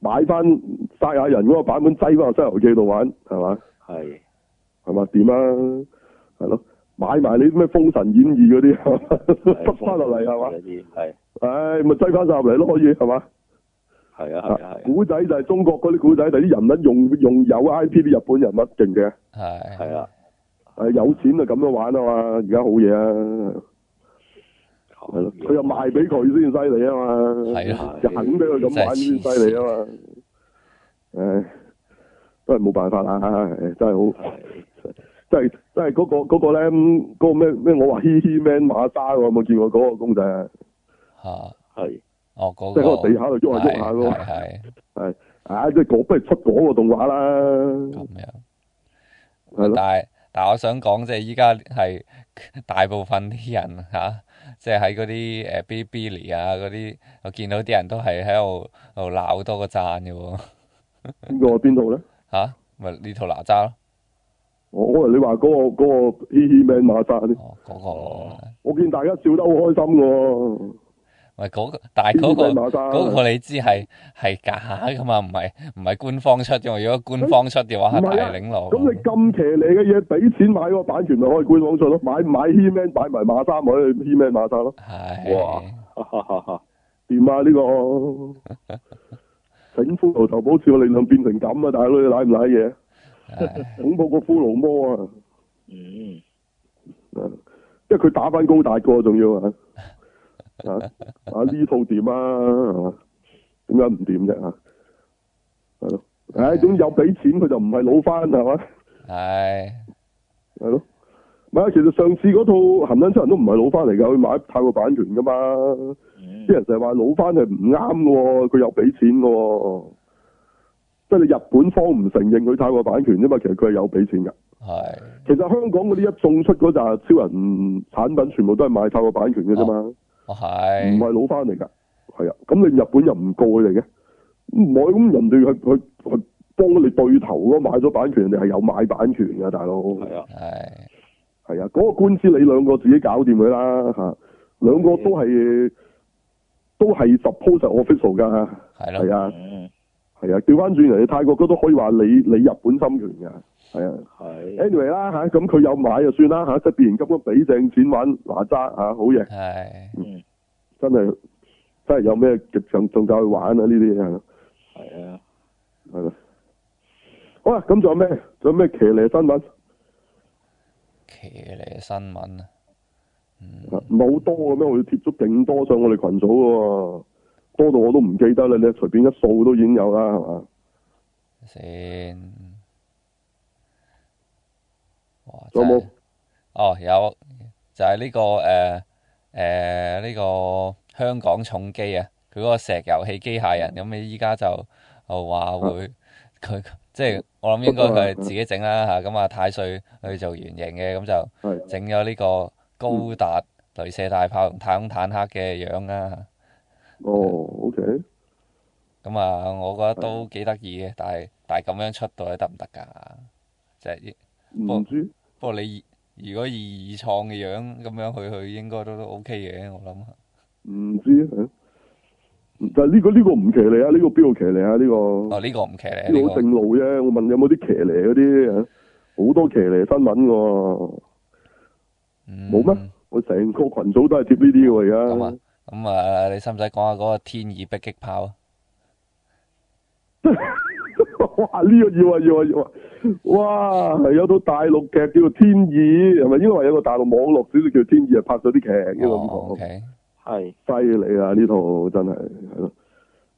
買翻西雅人嗰個版本，擠翻《西遊記》度玩係嘛？係係咪？點啊？係咯，買埋你啲咩《封神演義》嗰啲，執翻落嚟係嘛？係。唉、哎，咪追翻晒入嚟咯，可以係嘛？係啊古仔、啊啊啊、就係中國嗰啲古仔，就啲人物用用有 I P 嘅日本人物，勁嘅。記啊？係係啦，係、啊、有錢就咁樣玩啊嘛，而家好嘢啊，係咯、啊，佢又、啊、賣俾佢先犀利啊嘛，係啊，就肯俾佢咁玩先犀利啊嘛。唉，都係冇辦法啦真係好，真係、啊、真係嗰、那個嗰、那個咧，嗰、那個咩咩我話嘻嘻 m a n 馬莎，我有冇見過嗰個公仔啊？啊，係，哦，即、那、係個、就是、在地下度喐下喐下咯，係，係，啊，即係講不如出嗰個動畫啦，咁樣，但係，但係我想講，即係依家係大部分啲人吓，即係喺嗰啲誒 Bilibili 啊嗰啲、就是呃啊，我見到啲人都係喺度喺度鬧多個讚嘅喎，邊個邊度咧？吓，咪、啊、呢、就是、套哪吒咯，我你話嗰個嗰個《鐵血馬讚》咧，嗰個，我見大家笑得好開心嘅喎。咪嗰、那個，但係、那個你知係係假噶嘛？唔係唔係官方出嘅，如果官方出嘅話係大嶺路。咁、啊、你咁騎呢嘅嘢，俾錢買個版權咪可以官方出咯？買買 He-Man 買埋馬衫，咪黐咩馬衫咯？係哇，點啊呢、啊這個！整骷髏頭好似個力量變成咁啊！大佬你舐唔舐嘢？恐怖個骷髏魔啊！嗯，因為佢打翻高大個，仲要啊。 啊啊呢套點啊點點解唔點啫吓？係咯，總之有俾錢佢就唔係老翻係嘛？係係咯，係啊？其實上次嗰套行人人《鹹蛋超人》都唔係老翻嚟噶，佢買泰國版權噶嘛。啲、嗯、人成日話老翻係唔啱噶，佢有俾錢噶，即係你日本方唔承認佢泰國版權啫嘛。其實佢係有俾錢噶。係，其實香港嗰啲一送出嗰紮超人產品，全部都係買泰國版權嘅啫嘛。嗯我唔係攞翻嚟噶？係啊，咁你、啊、日本又唔告佢嚟嘅？唔係咁人哋去佢佢幫我哋對頭咯，買咗版權人哋係有買版權噶，大佬。係啊，係係啊，嗰、啊嗰個官司你兩個自己搞掂佢啦嚇，兩個都係都係 suppose official 噶嚇。係咯。啊。嗯。係啊，調翻轉嚟，你、啊、泰國都都可以話你你日本侵權嘅。係啊，啊，Anyway 啦吓，咁、啊、佢有買就算啦吓，即係變形金剛俾正錢玩哪吒吓，好型、啊啊，嗯，真係真係有咩極長仲夠去玩啊呢啲嘢，係啊，係啦、啊啊，好啦，咁仲有咩？仲有咩騎呢新聞？騎呢新聞、嗯、啊，唔係好多咁樣，我要貼咗勁多上我哋群組噶、啊，多到我都唔記得啦，你隨便一掃都已經有啦，係嘛？先。就是、有,有哦，有就係、是、呢、這個誒誒呢個香港重機啊，佢嗰個石油器機械人，咁你依家就話會佢、嗯、即係我諗應該佢係自己整啦吓，咁、嗯、啊太歲去做原型嘅，咁就整咗呢個高達鐳射大炮同太空坦克嘅樣啦、啊嗯啊。哦，OK。咁啊，我覺得都幾得意嘅，但係但係咁樣出到嚟得唔得噶？即係唔不過你如果二二創嘅樣咁樣去去，應該都都 OK 嘅，我諗下。唔知但就係呢個呢、這個唔騎呢啊？呢、這個邊個騎呢啊？呢、這個哦呢、這個唔騎呢，呢、這個正路啫、這個。我問有冇啲騎呢嗰啲，好多騎呢新聞噶、啊。冇、嗯、咩？我成個群組都係貼呢啲噶而家。咁啊，嗯、你使唔使講下嗰個天意迫擊炮啊？ 哇！呢、這個要啊要啊要啊！哇，有套大陸劇叫做《天意》是不是，係咪應該話有一個大陸網絡小說叫《天意》拍了一些，拍咗啲劇嘅，係，犀利啊！呢套真係，係咯。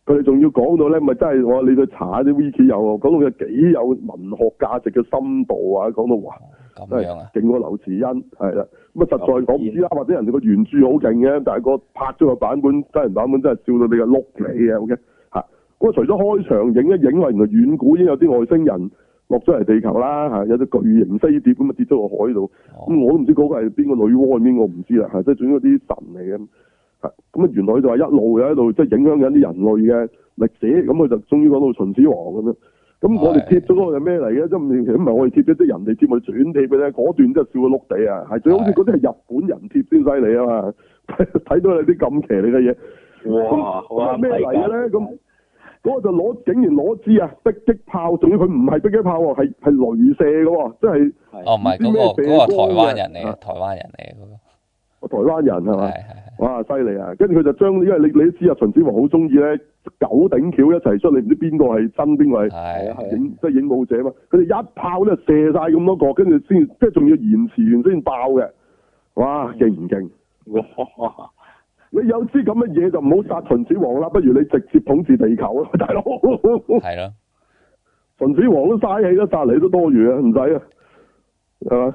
佢哋仲要講到咧，咪真係我你去查下啲 wiki 有，講到佢幾有文學價值嘅深度啊，講到哇，咁樣啊，勁過劉慈欣係啦。咁啊實在講唔知啦，或者人哋個原著好勁嘅，但係個拍咗個版，版本真人版本真係笑到你個碌脷啊！OK。咁除咗開場影一影話，原來遠古已經有啲外星人落咗嚟地球啦，吓有隻巨型飛碟咁啊跌咗落海度，咁、oh. 嗯、我都唔知嗰個係邊個女媧定邊個唔知啦，吓即係總之啲神嚟嘅，吓咁啊原來就話一路又喺度即係影響緊啲人類嘅歷史，咁佢就終於講到秦始皇咁樣，咁、oh. 我哋貼咗嗰個係咩嚟嘅？即唔係我哋貼咗啲人哋貼咪轉地嘅咧？嗰段真係笑到碌地啊！係、oh. 最好似嗰啲係日本人貼先犀利啊嘛，睇、oh. 到你啲咁騎呢嘅嘢，哇、wow.！咩嚟嘅咧？咁 嗰、那個就攞，竟然攞支啊迫擊炮，仲要佢唔係迫擊炮喎，係係雷射嘅喎，即係。係。哦，唔係嗰台灣人嚟啊，台灣人嚟啊。個台灣人係咪？係係哇，犀利啊！跟住佢就將，因為你你都知啊，秦始皇好中意咧九頂橋一齊出，你唔知邊個係真邊個？係係。影即係影武者嘛？佢哋一炮咧射晒咁多個，跟住先即係仲要延遲完先爆嘅。哇！勁唔勁？哇！你有支咁嘅嘢就唔好殺秦始皇啦，不如你直接統治地球啊，大佬係咯，秦始皇都嘥氣啦，殺你都多餘啊，唔使啊，係嘛？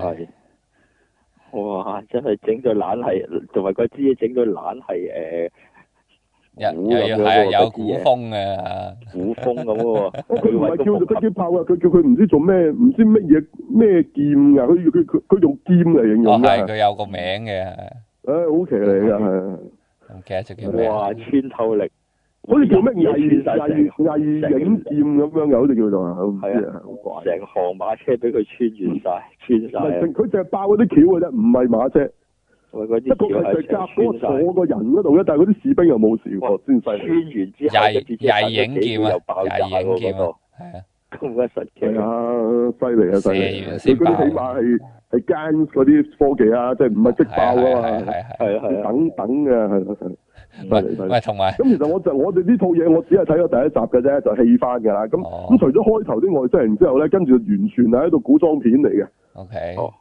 係哇，真係整到懶係，同埋個支嘢整到懶係誒，古、呃、係有古風嘅、那個、古風咁咯。佢唔係叫佢狙擊炮啊，佢叫佢唔知做咩，唔知乜嘢咩劍噶，佢佢佢佢用劍嚟形容係佢、哦、有個名嘅。誒、哎，好奇你噶係，唔記得咗哇，穿透力，好似叫咩藝藝藝影劍咁樣嘅，好似叫做啊，唔知啊，成行馬車俾佢穿完晒，穿晒。佢淨係爆嗰啲橋嘅啫，唔係馬車。唔係嗰啲。就夾住嗰個人嗰度啫，但係嗰啲士兵又冇事喎。穿晒。穿完之後，啲藝影劍又爆晒喎嗰度。係啊，咁鬼神奇啊，犀、那、利、個、啊，犀、那、利、個啊。射完先爆。起碼係。係奸嗰啲科技啊，即係唔係即爆噶、啊、嘛，係啊係等等嘅係係喂同埋？咁其實我就我哋呢套嘢，我,我只係睇咗第一集嘅啫，就戲翻噶啦。咁、哦、咁除咗開頭啲外星人之後咧，跟住完全係一套古裝片嚟嘅。O、okay, K 哦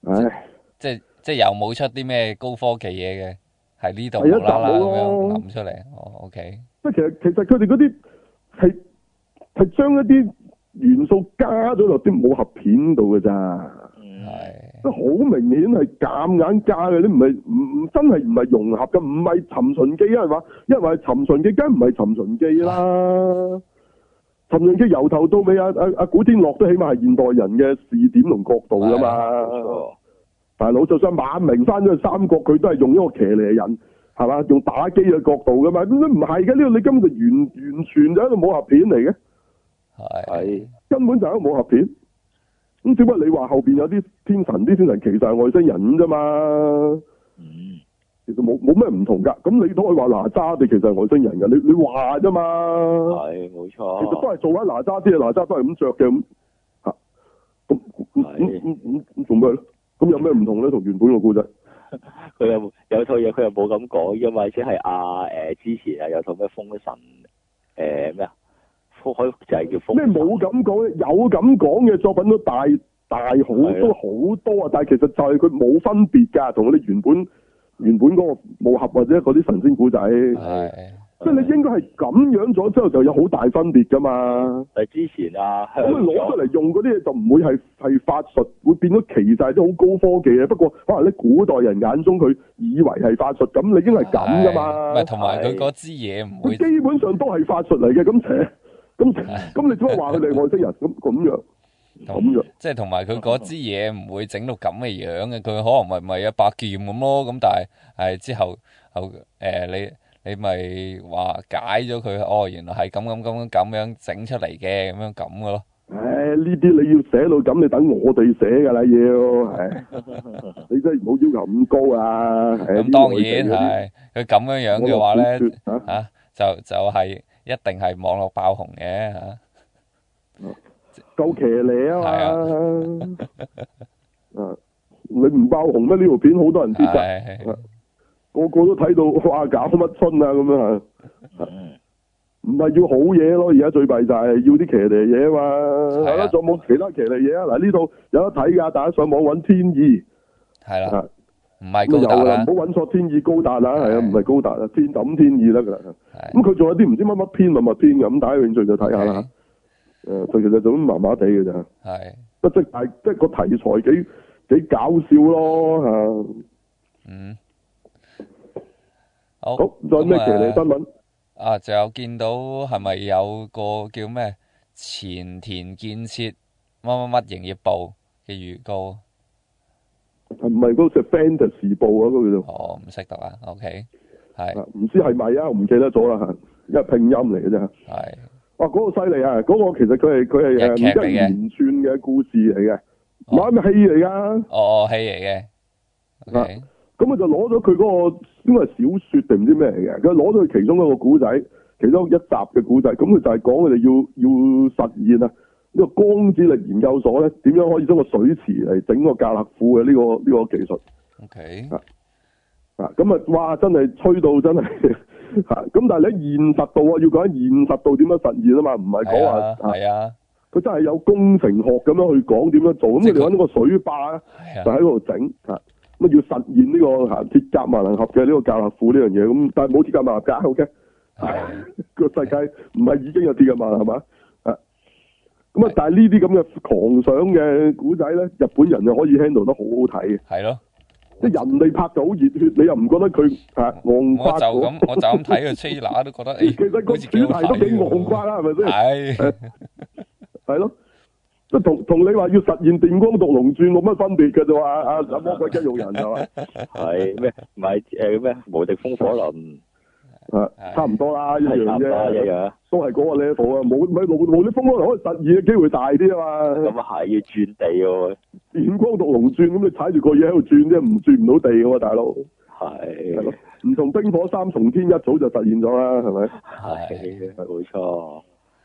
即，唉，即即又冇出啲咩高科技嘢嘅，係呢度啦咁樣諗出嚟。O K，即其實其實佢哋嗰啲係係將一啲元素加咗落啲武俠片度嘅咋。係好明顯係夾硬加嘅，你唔係唔唔真係唔係融合嘅，唔係尋秦記啊，係嘛？因為尋秦記梗唔係尋秦記啦。尋秦記由頭到尾，阿阿阿古天樂都起碼係現代人嘅視點同角度噶嘛。大佬就算馬明翻咗去三國，佢都係用一個騎呢人，係嘛？用打機嘅角度噶嘛？咁唔係嘅呢個，你根本就完完全就一個武俠片嚟嘅，係根本就係一個武俠片。咁你話後邊有啲天神，啲天神其實係外星人啫嘛、嗯。其實冇冇咩唔同噶。咁你都可以話哪吒佢其實係外星人噶。你你話啫嘛。係，冇錯。其實都係做翻哪吒啲，哪吒都係咁着嘅咁。吓、啊，咁咁咁咁做咩咧？咁有咩唔同咧？同原本個故仔。佢 又有，有一套嘢，佢又冇咁講，因為只係啊誒、呃、之前啊，有套咩封神誒咩啊？什麼就係叫咩冇咁講，有咁講嘅作品都大大好都好多啊！但係其實就係佢冇分別噶，同嗰原本原本嗰個武俠或者嗰啲神仙古仔。係，即係你應該係咁樣咗之後，就有好大分別噶嘛。係之前啊，咁你攞出嚟用嗰啲嘢就唔會係係法術，會變咗奇晒啲好高科技啊，不過可能啲古代人眼中佢以為係法術，咁你應該係咁噶嘛。同埋佢支嘢唔會。基本上都係法術嚟嘅，咁咁咁你點解話佢哋外星人咁咁樣？咁樣即係同埋佢嗰支嘢唔會整到咁嘅樣嘅，佢可能咪一百件咁咯。咁但係係之後後誒，你你咪話解咗佢哦，原來係咁咁咁樣整出嚟嘅，咁樣咁嘅咯。誒，呢啲你要寫到咁，你等我哋寫噶啦，要你真係唔好要求咁高啊！咁當然係，佢咁樣樣嘅話咧，吓就就係。一定係網絡爆紅嘅嚇，夠騎呢啊嘛、啊，啊 你唔爆紅咩？呢條片好多人知道、啊啊，個個都睇到哇！搞乜春啊咁樣嚇，唔、啊、係 要好嘢咯。而家最弊就係要啲騎呢嘢啊嘛。係啦、啊，仲、啊、冇其他騎呢嘢啊？嗱，呢度有得睇㗎，大家上網揾天意，係啦、啊。啊唔係高達啦。唔好揾錯天意高達啊！係啊，唔係高達啊，天抌天意得噶啦。咁佢仲有啲唔知乜乜篇文，物篇嘅，咁大家興趣就睇下啦。誒、啊，其實就做啲麻麻地嘅咋。係。即係大，即係個題材幾幾搞笑咯吓。嗯。好。咁仲有咩其他新聞？啊，仲有見到係咪有個叫咩前田建設乜乜乜營業部嘅預告？係唔係嗰隻《fantasy 時報》啊？嗰、嗰個叫做哦，唔識得啊。O K，係唔知係咪啊？我唔記得咗啦吓，因為拼音嚟嘅啫。係，哦嗰個犀利啊！嗰個其實佢係佢係誒，唔一連串嘅故事嚟嘅，唔係戲嚟噶。哦，戲嚟嘅。係、哦。咁佢、okay. 啊、就攞咗佢嗰個，因為是小說定唔知咩嚟嘅。佢攞咗其中一個古仔，其中一集嘅古仔。咁佢就係講佢哋要要實現啊。呢個光子力研究所咧，點樣可以將個水池嚟整個格勒庫嘅呢個呢個技術？OK 啊，啊咁啊，哇，真係吹到真係吓！咁、啊、但係你喺現實度啊，要講喺現實度點樣實現啊嘛，唔係講話係啊，佢、啊啊、真係有工程學咁樣去講點樣做，咁你揾個水壩、哎、就喺度整吓，咁、啊、要實現呢、這個鐵、啊、甲萬能俠嘅呢個格勒庫呢樣嘢，咁但係冇鐵甲萬能俠，OK？ 個世界唔係已經有鐵甲萬係嘛？咁啊！但係呢啲咁嘅狂想嘅古仔咧，日本人就可以 handle 得好好睇嘅。係咯，即係人哋拍到好熱血，你又唔覺得佢係忘掛我就咁我就咁睇啊，車 拉都覺得誒，好似啦好咪先係，係咯，都同同你話要實現電光毒龍鑽冇乜分別㗎，啫嘛！啊咁、啊、魔鬼筋肉人嘛係咩？唔係咩？無敵風火輪。 不那個、啊，差唔多啦，呢樣嘢都係嗰個 level 啊，冇咪啲風都可能實現嘅機會大啲啊嘛。咁啊係，要轉地喎，眼光獨龍轉，咁你踩住個嘢喺度轉啫，唔轉唔到地嘅喎，大佬。係。係咯，唔同冰火三重天一早就實現咗啦，係咪？係。係冇錯。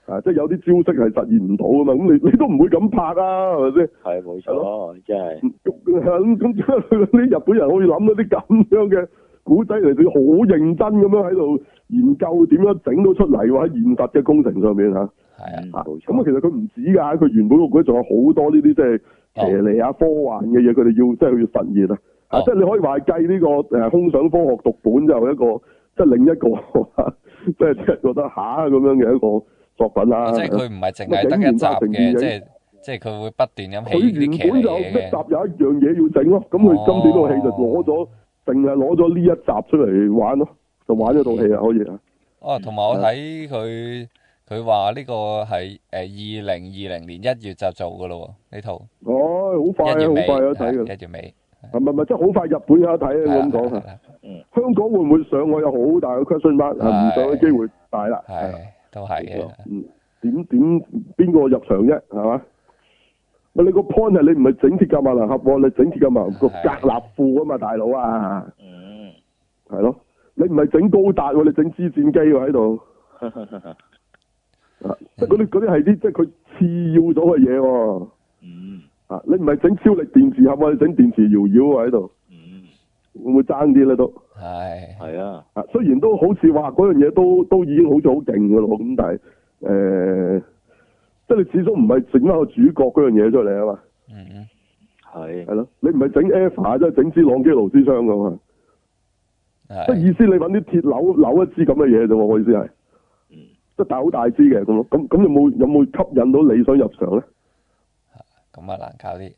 啊，即係有啲招式係實現唔到啊嘛，咁你你都唔會咁拍啊，係咪先？係冇錯。哦，真係。咁啊咁咁你日本人可以諗到啲咁樣嘅？古仔嚟，佢好認真咁樣喺度研究點樣整到出嚟喎？喺現實嘅工程上面嚇，係啊，咁啊，其實佢唔止㗎，佢原本嗰啲仲有好多呢啲即係邪離啊、科幻嘅嘢，佢哋要即係要實現啊！啊，即係、哦、你可以話係計呢、呢個誒、哦、空想科學讀本就一個，即係另一個， 即係即係覺得嚇咁、啊、樣嘅一個作品啦、啊啊。即係佢唔係淨係得一集嘅，即係即係佢會不斷咁佢原本就一集有一樣嘢要整咯，咁、哦、佢今年嗰個戲就攞咗。淨係攞咗呢一集出嚟玩咯，就玩咗套戲啊，可以啊。哦，同埋我睇佢佢話呢個係誒二零二零年一月就做噶咯喎，呢、啊、套。哦，好快呀，好快呀，睇噶。一月尾。唔係唔係，即係好快，日本有睇啊！咁講香港會唔會上我有好大嘅 question mark，唔上嘅機會大啦。係，都係嘅點點邊個入場啫？係嘛？咪你個 point 係你唔係整鐵甲萬能俠喎，你整鐵甲萬個格納庫啊嘛，大佬啊，嗯，係咯，你唔係整高達喎，你整支戰機喎喺度， 啊，即係嗰啲嗰啲係啲即係佢次要到嘅嘢喎，嗯，啊，你唔係整超力電磁俠喎，你整電磁搖搖喎喺度，嗯，會唔會爭啲咧都？係係啊，啊雖然都好似話嗰樣嘢都都已經好似好勁㗎咯，咁但係即係你始終唔係整翻個主角嗰樣嘢出嚟啊嘛，係係咯，你唔係整 Eva，即係整支朗基努斯槍咁啊，即係意思你搵啲鐵柳柳一支咁嘅嘢啫喎，我意思係，即係、嗯、即係大好大支嘅咁咯，咁咁有冇有冇吸引到你想入場咧？咁啊難搞啲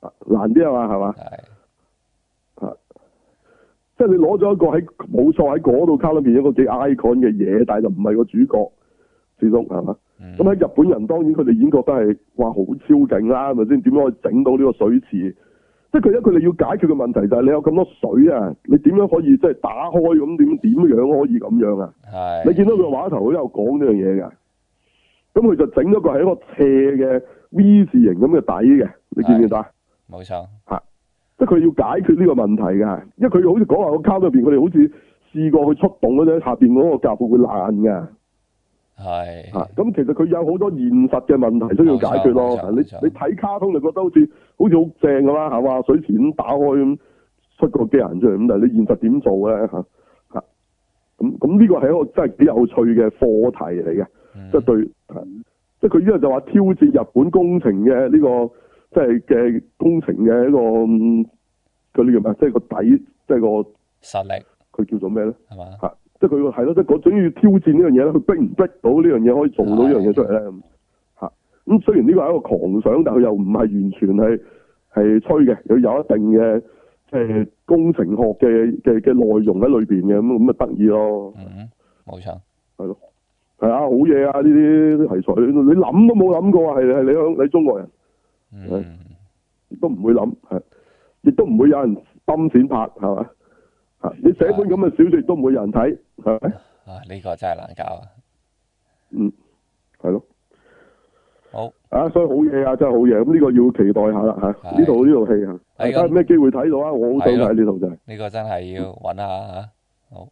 吓，難啲啊嘛係嘛，即係你攞咗一個喺冇錯喺嗰度，在那卡裏邊一個幾 icon 嘅嘢，但係就唔係個主角，始終係嘛。咁、嗯、喺日本人，當然佢哋已經覺得係話好超勁啦，係咪先？點樣可以整到呢個水池？即係佢一，佢哋要解決嘅問題就係、是、你有咁多水啊，你點樣可以即係打開咁點點樣可以咁樣啊？你見到佢話頭都有講呢樣嘢㗎？咁佢就整咗個係一個斜嘅 V 字形咁嘅底嘅，你見唔見到？冇錯，即係佢要解決呢個問題㗎，因為佢好似講話個溝入面，佢哋好似試過去出動嗰陣，下面嗰個夾會會爛㗎。係啊，咁其實佢有好多現實嘅問題需要解決咯。你你睇卡通就覺得好似好似好正㗎啦，係嘛？水池咁打開咁出個機人出嚟，咁但係你現實點做咧？嚇嚇，咁咁呢個係一個真係幾有趣嘅課題嚟嘅、嗯，即係對，啊、即係佢依家就話挑戰日本工程嘅呢、呢個即係嘅工程嘅一個嗰啲、嗯、叫咩？即係個底，即係個實力，佢叫做咩咧？係嘛？即係佢係咯，即係嗰種要挑戰呢樣嘢咧，佢逼唔逼到呢樣嘢可以做到呢樣嘢出嚟咧？吓咁雖然呢個係一個狂想，但係佢又唔係完全係係吹嘅，佢有一定嘅即係工程學嘅嘅嘅內容喺裏邊嘅，咁咁咪得意咯。嗯，冇錯，係咯，係啊，好嘢啊！呢啲題材你諗都冇諗過啊，係係你響你中國人，嗯，都唔會諗，係亦都唔會有人抌錢拍，係嘛？吓你寫本咁嘅小說都唔會有人睇。係啊！啊呢個真係難搞啊！嗯，係咯，好啊！所以好嘢啊，真係好嘢！咁呢個要期待下啦吓。呢套呢套戲啊，大家咩機會睇到啊？我好想睇呢套就係呢個真係要揾下吓。好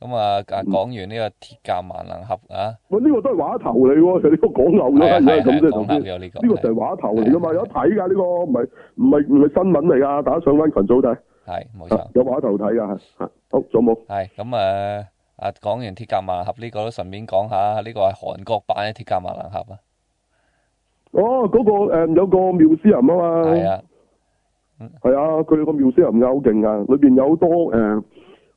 咁啊！講完呢個鐵甲萬能俠啊！喂呢個都係畫頭嚟喎，成日都講漏咗，係咪咁啫？頭先呢個就係畫頭嚟噶嘛，有得睇噶呢個，唔係唔係唔係新聞嚟噶，大家上翻群組睇。係冇錯，有畫頭睇噶吓。好，仲有冇？係咁誒。啊，講完鐵甲萬能俠呢個都順便講下，呢、這個係韓國版嘅鐵甲萬能俠啊。哦，嗰、那個誒、嗯、有個妙思人啊嘛。係啊。係啊，佢哋個妙思人啊好勁啊，裏邊有好多誒，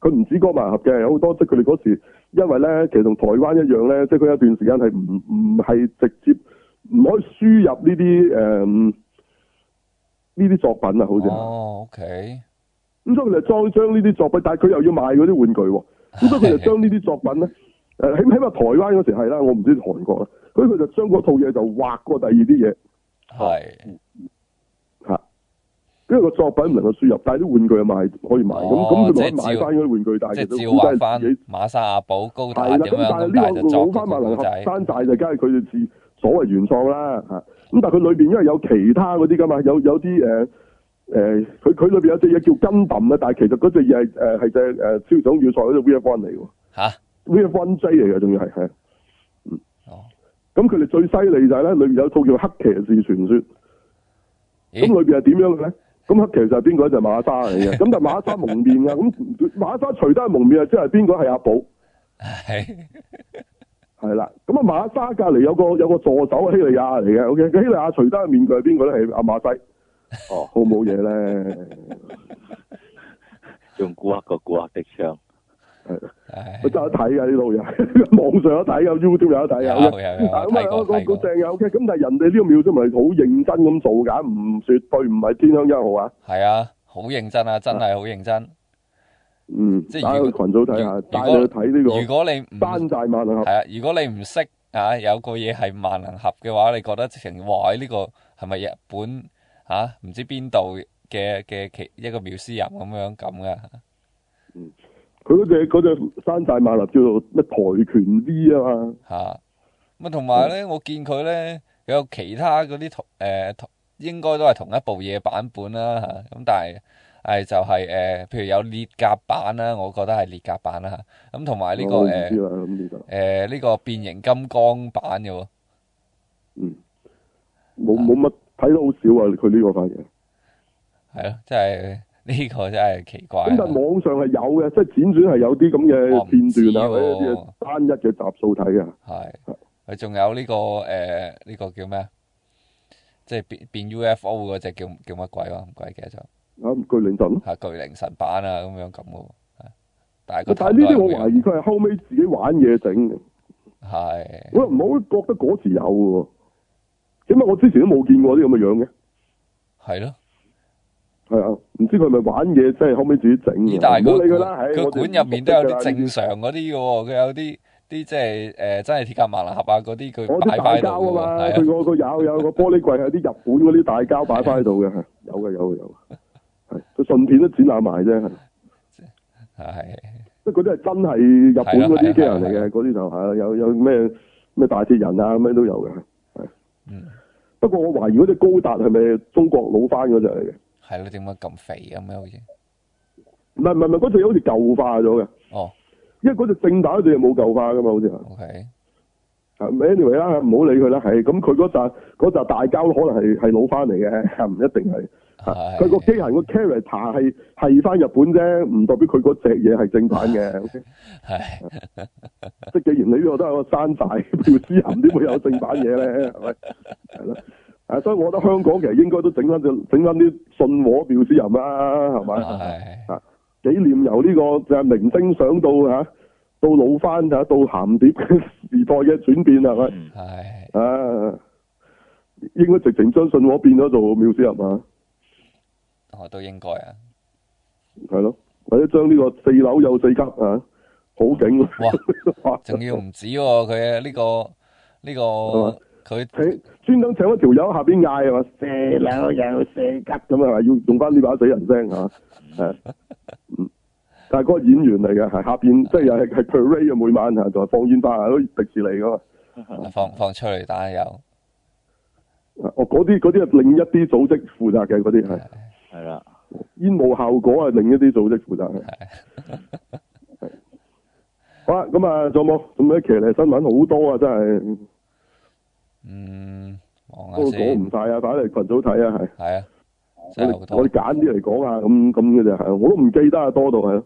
佢、嗯、唔止個盲盒嘅，有好多即係佢哋嗰時，因為咧其實同台灣一樣咧，即係佢有段時間係唔唔係直接唔可以輸入呢啲誒呢啲作品啊，好似。哦，OK。咁所以佢哋再將呢啲作品，但係佢又要賣嗰啲玩具喎、啊。咁所以佢就將呢啲作品咧，誒起起碼台灣嗰時係啦，我唔知韓國啦，所以佢就將嗰套嘢就畫過第二啲嘢，係，嚇、啊，因為個作品唔能夠輸入，但係啲玩具又賣可以賣，咁咁佢咪買翻嗰啲玩具，但係都估翻自己。馬沙寶高大咁樣買，這個、就走。冇翻萬能盒山寨就梗係佢哋似所謂原創啦，嚇、啊，咁但係佢裏邊因為有其他嗰啲噶嘛，有有啲嘢。呃誒、呃，佢佢裏邊有隻嘢叫 Gundam 嘅，但係其實嗰隻嘢係誒係隻誒超賽、啊、要總要塞嗰隻 V1 嚟嘅吓，V1J 嚟嘅，仲要係係，哦，咁佢哋最犀利就係咧，裏邊有套叫黑騎士傳說，咁裏邊係點樣嘅咧？咁黑騎士係邊個咧？就係、馬沙嚟嘅，咁 但係馬沙蒙面噶，咁馬沙除得蒙面就即係邊個係阿寶？係係啦，咁啊馬沙隔籬有個有個助手希利亞嚟嘅，OK，希利亞除得面具係邊個咧？係阿馬西。 哦，好冇嘢咧， 用估下個估下的槍，我真係睇㗎。呢度人網上有睇有 YouTube 有睇、嗯嗯嗯、啊。咁啊，個個鄭有嘅咁，但係人哋呢個廟唔嚟好認真咁做噶，唔絕對唔係天香一號啊。係啊，好認真啊，真係好認真。啊、嗯，即係帶去群組睇下，帶去睇呢個。如果，如果帶你山寨萬能俠係啊，如果你唔識啊，有個嘢係萬能俠嘅話，你覺得直情哇？呢、呃這個係咪日本？啊！唔知邊度嘅嘅其一個妙思人咁樣咁噶，嗯，佢嗰隻隻山寨馬騮叫做乜跆拳啲啊嘛，吓、啊，咪同埋咧，我見佢咧有其他嗰啲同誒同應該都係同一部嘢版本啦、啊、吓，咁、啊、但係係就係、是、誒、呃，譬如有列甲版啦、啊，我覺得係列甲版啦、啊、吓，咁同埋呢個誒，誒呢、呃呃這個變形金剛版嘅喎，嗯，冇冇乜。睇到好少啊！佢呢個反應，係啊，真係呢、呢個真係奇怪。咁但係網上係有嘅，即係剪轉係有啲咁嘅片段啊，嗰、啊、啲、啊、單一嘅集數睇啊。係，仲有呢、呢個誒，呢、呃呢個叫咩啊？即係變變 UFO 嗰隻叫叫乜鬼啊？唔記得就，啊，巨靈神咯。係巨靈神版啊，咁樣咁嘅。但係、啊，但係呢啲我懷疑佢係後尾自己玩嘢整嘅。係。我又唔好覺得嗰時有喎。因啊！我之前都冇見過啲咁嘅樣嘅，係咯，係啊，唔知佢係咪玩嘢，即係可唔可以自己整嘢。冇理佢啦，喺我館入面都有啲正常嗰啲嘅喎，佢有啲啲即係誒，真係鐵甲萬能俠啊嗰啲，佢擺翻喺度嘅，有大膠啊嘛，佢我個有有個玻璃櫃 有啲日本啲大膠擺翻喺度嘅，有嘅有嘅有， 有。係佢順便都剪爛埋啫，係即係嗰啲係真係日本嗰啲機人嚟嘅，嗰啲就係有有咩咩大鐵人啊，咩都有嘅，係嗯。不過我懷疑嗰隻高達係咪中國老翻嗰隻嚟嘅？係咯，點解咁肥咁樣？好似唔係唔係唔係嗰隻好似舊化咗嘅。哦，因為嗰隻正打嗰隻又冇舊化噶嘛，好似係。Anyway 啦，唔好理佢啦，係咁佢嗰集嗰大交可能係係攞翻嚟嘅，唔一定係。佢個機械人個 character 係係翻日本啫，唔代表佢嗰隻嘢係正版嘅。即係既然你呢個都係個山寨表，表師人點會有正版嘢咧？係 咪？所以我覺得香港其實應該都整翻隻整翻啲信和表師人啦，係咪？係。紀念由呢、呢個就係、係、明星上到到老翻啊，到鹹碟嘅時代嘅轉變啊，係啊，應該直情相信我變咗做妙仙啊嘛，我、哦、都應該啊，係咯，或者將呢個四樓有四級啊，好勁，哇，仲要唔止喎、啊，佢 呢、這個呢、這個佢佢專登請，請一條友下邊嗌我四樓有四級咁啊，要用翻呢把死人聲 啊，係、嗯。但係嗰個是演員嚟嘅，係下邊即係又係係 parade 每晚啊，仲係放煙花啊，迪士尼噶嘛，放放出嚟打下油。我嗰啲嗰啲係另一啲組織負責嘅，嗰啲係係啦，煙霧效果係另一啲組織負責嘅。係，好啦，咁啊，仲有冇？咁樣，其實新聞好多啊，真係。嗯，看看都講唔晒啊，翻嚟群組睇啊，係。係啊。我哋我哋揀啲嚟講啊，咁咁嘅就係，我都唔記得啊，多到係。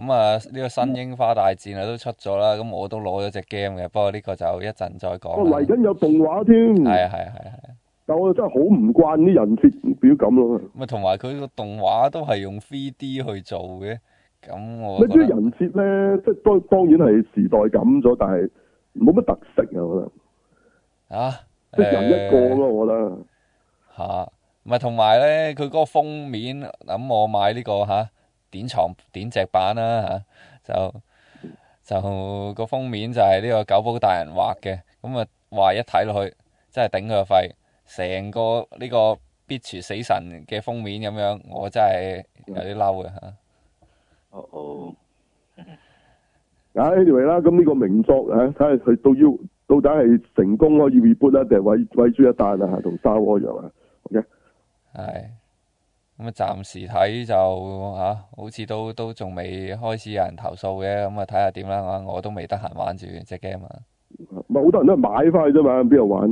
咁啊，呢個新櫻花大戰啊都出咗啦，咁、嗯、我都攞咗隻 game 嘅，不過呢個就一陣再講啦。不過嚟緊有動畫添。係啊係啊係啊係。但我真係好唔慣啲人設表咁咯。咪同埋佢個動畫都係用 3D 去做嘅，咁我。你人設咧，即係當當然係時代感咗，但係冇乜特色啊，我覺得。吓、啊？即、欸、係人一個咯，我覺得。吓、啊，同埋咧，佢個封面，咁我買呢、這個吓。啊典藏典籍版啦吓，就就、個封面就係呢個九寶大人畫嘅，咁啊哇一睇落去真係頂佢個肺，成個呢個必絕死神嘅封面咁樣，我真係有啲嬲嘅吓。好、uh-oh.Anyway 啦，咁呢個名作吓，睇下佢都要到底係成功可以 reboot 定係喂喂豬一單啦同砂鍋一樣啊。OK。係。咁啊，暫時睇就嚇，好似都都仲未開始有人投訴嘅，咁啊睇下點啦。我都未得閒玩住隻 game 啊。咪好多人都係買翻去啫嘛，邊度玩？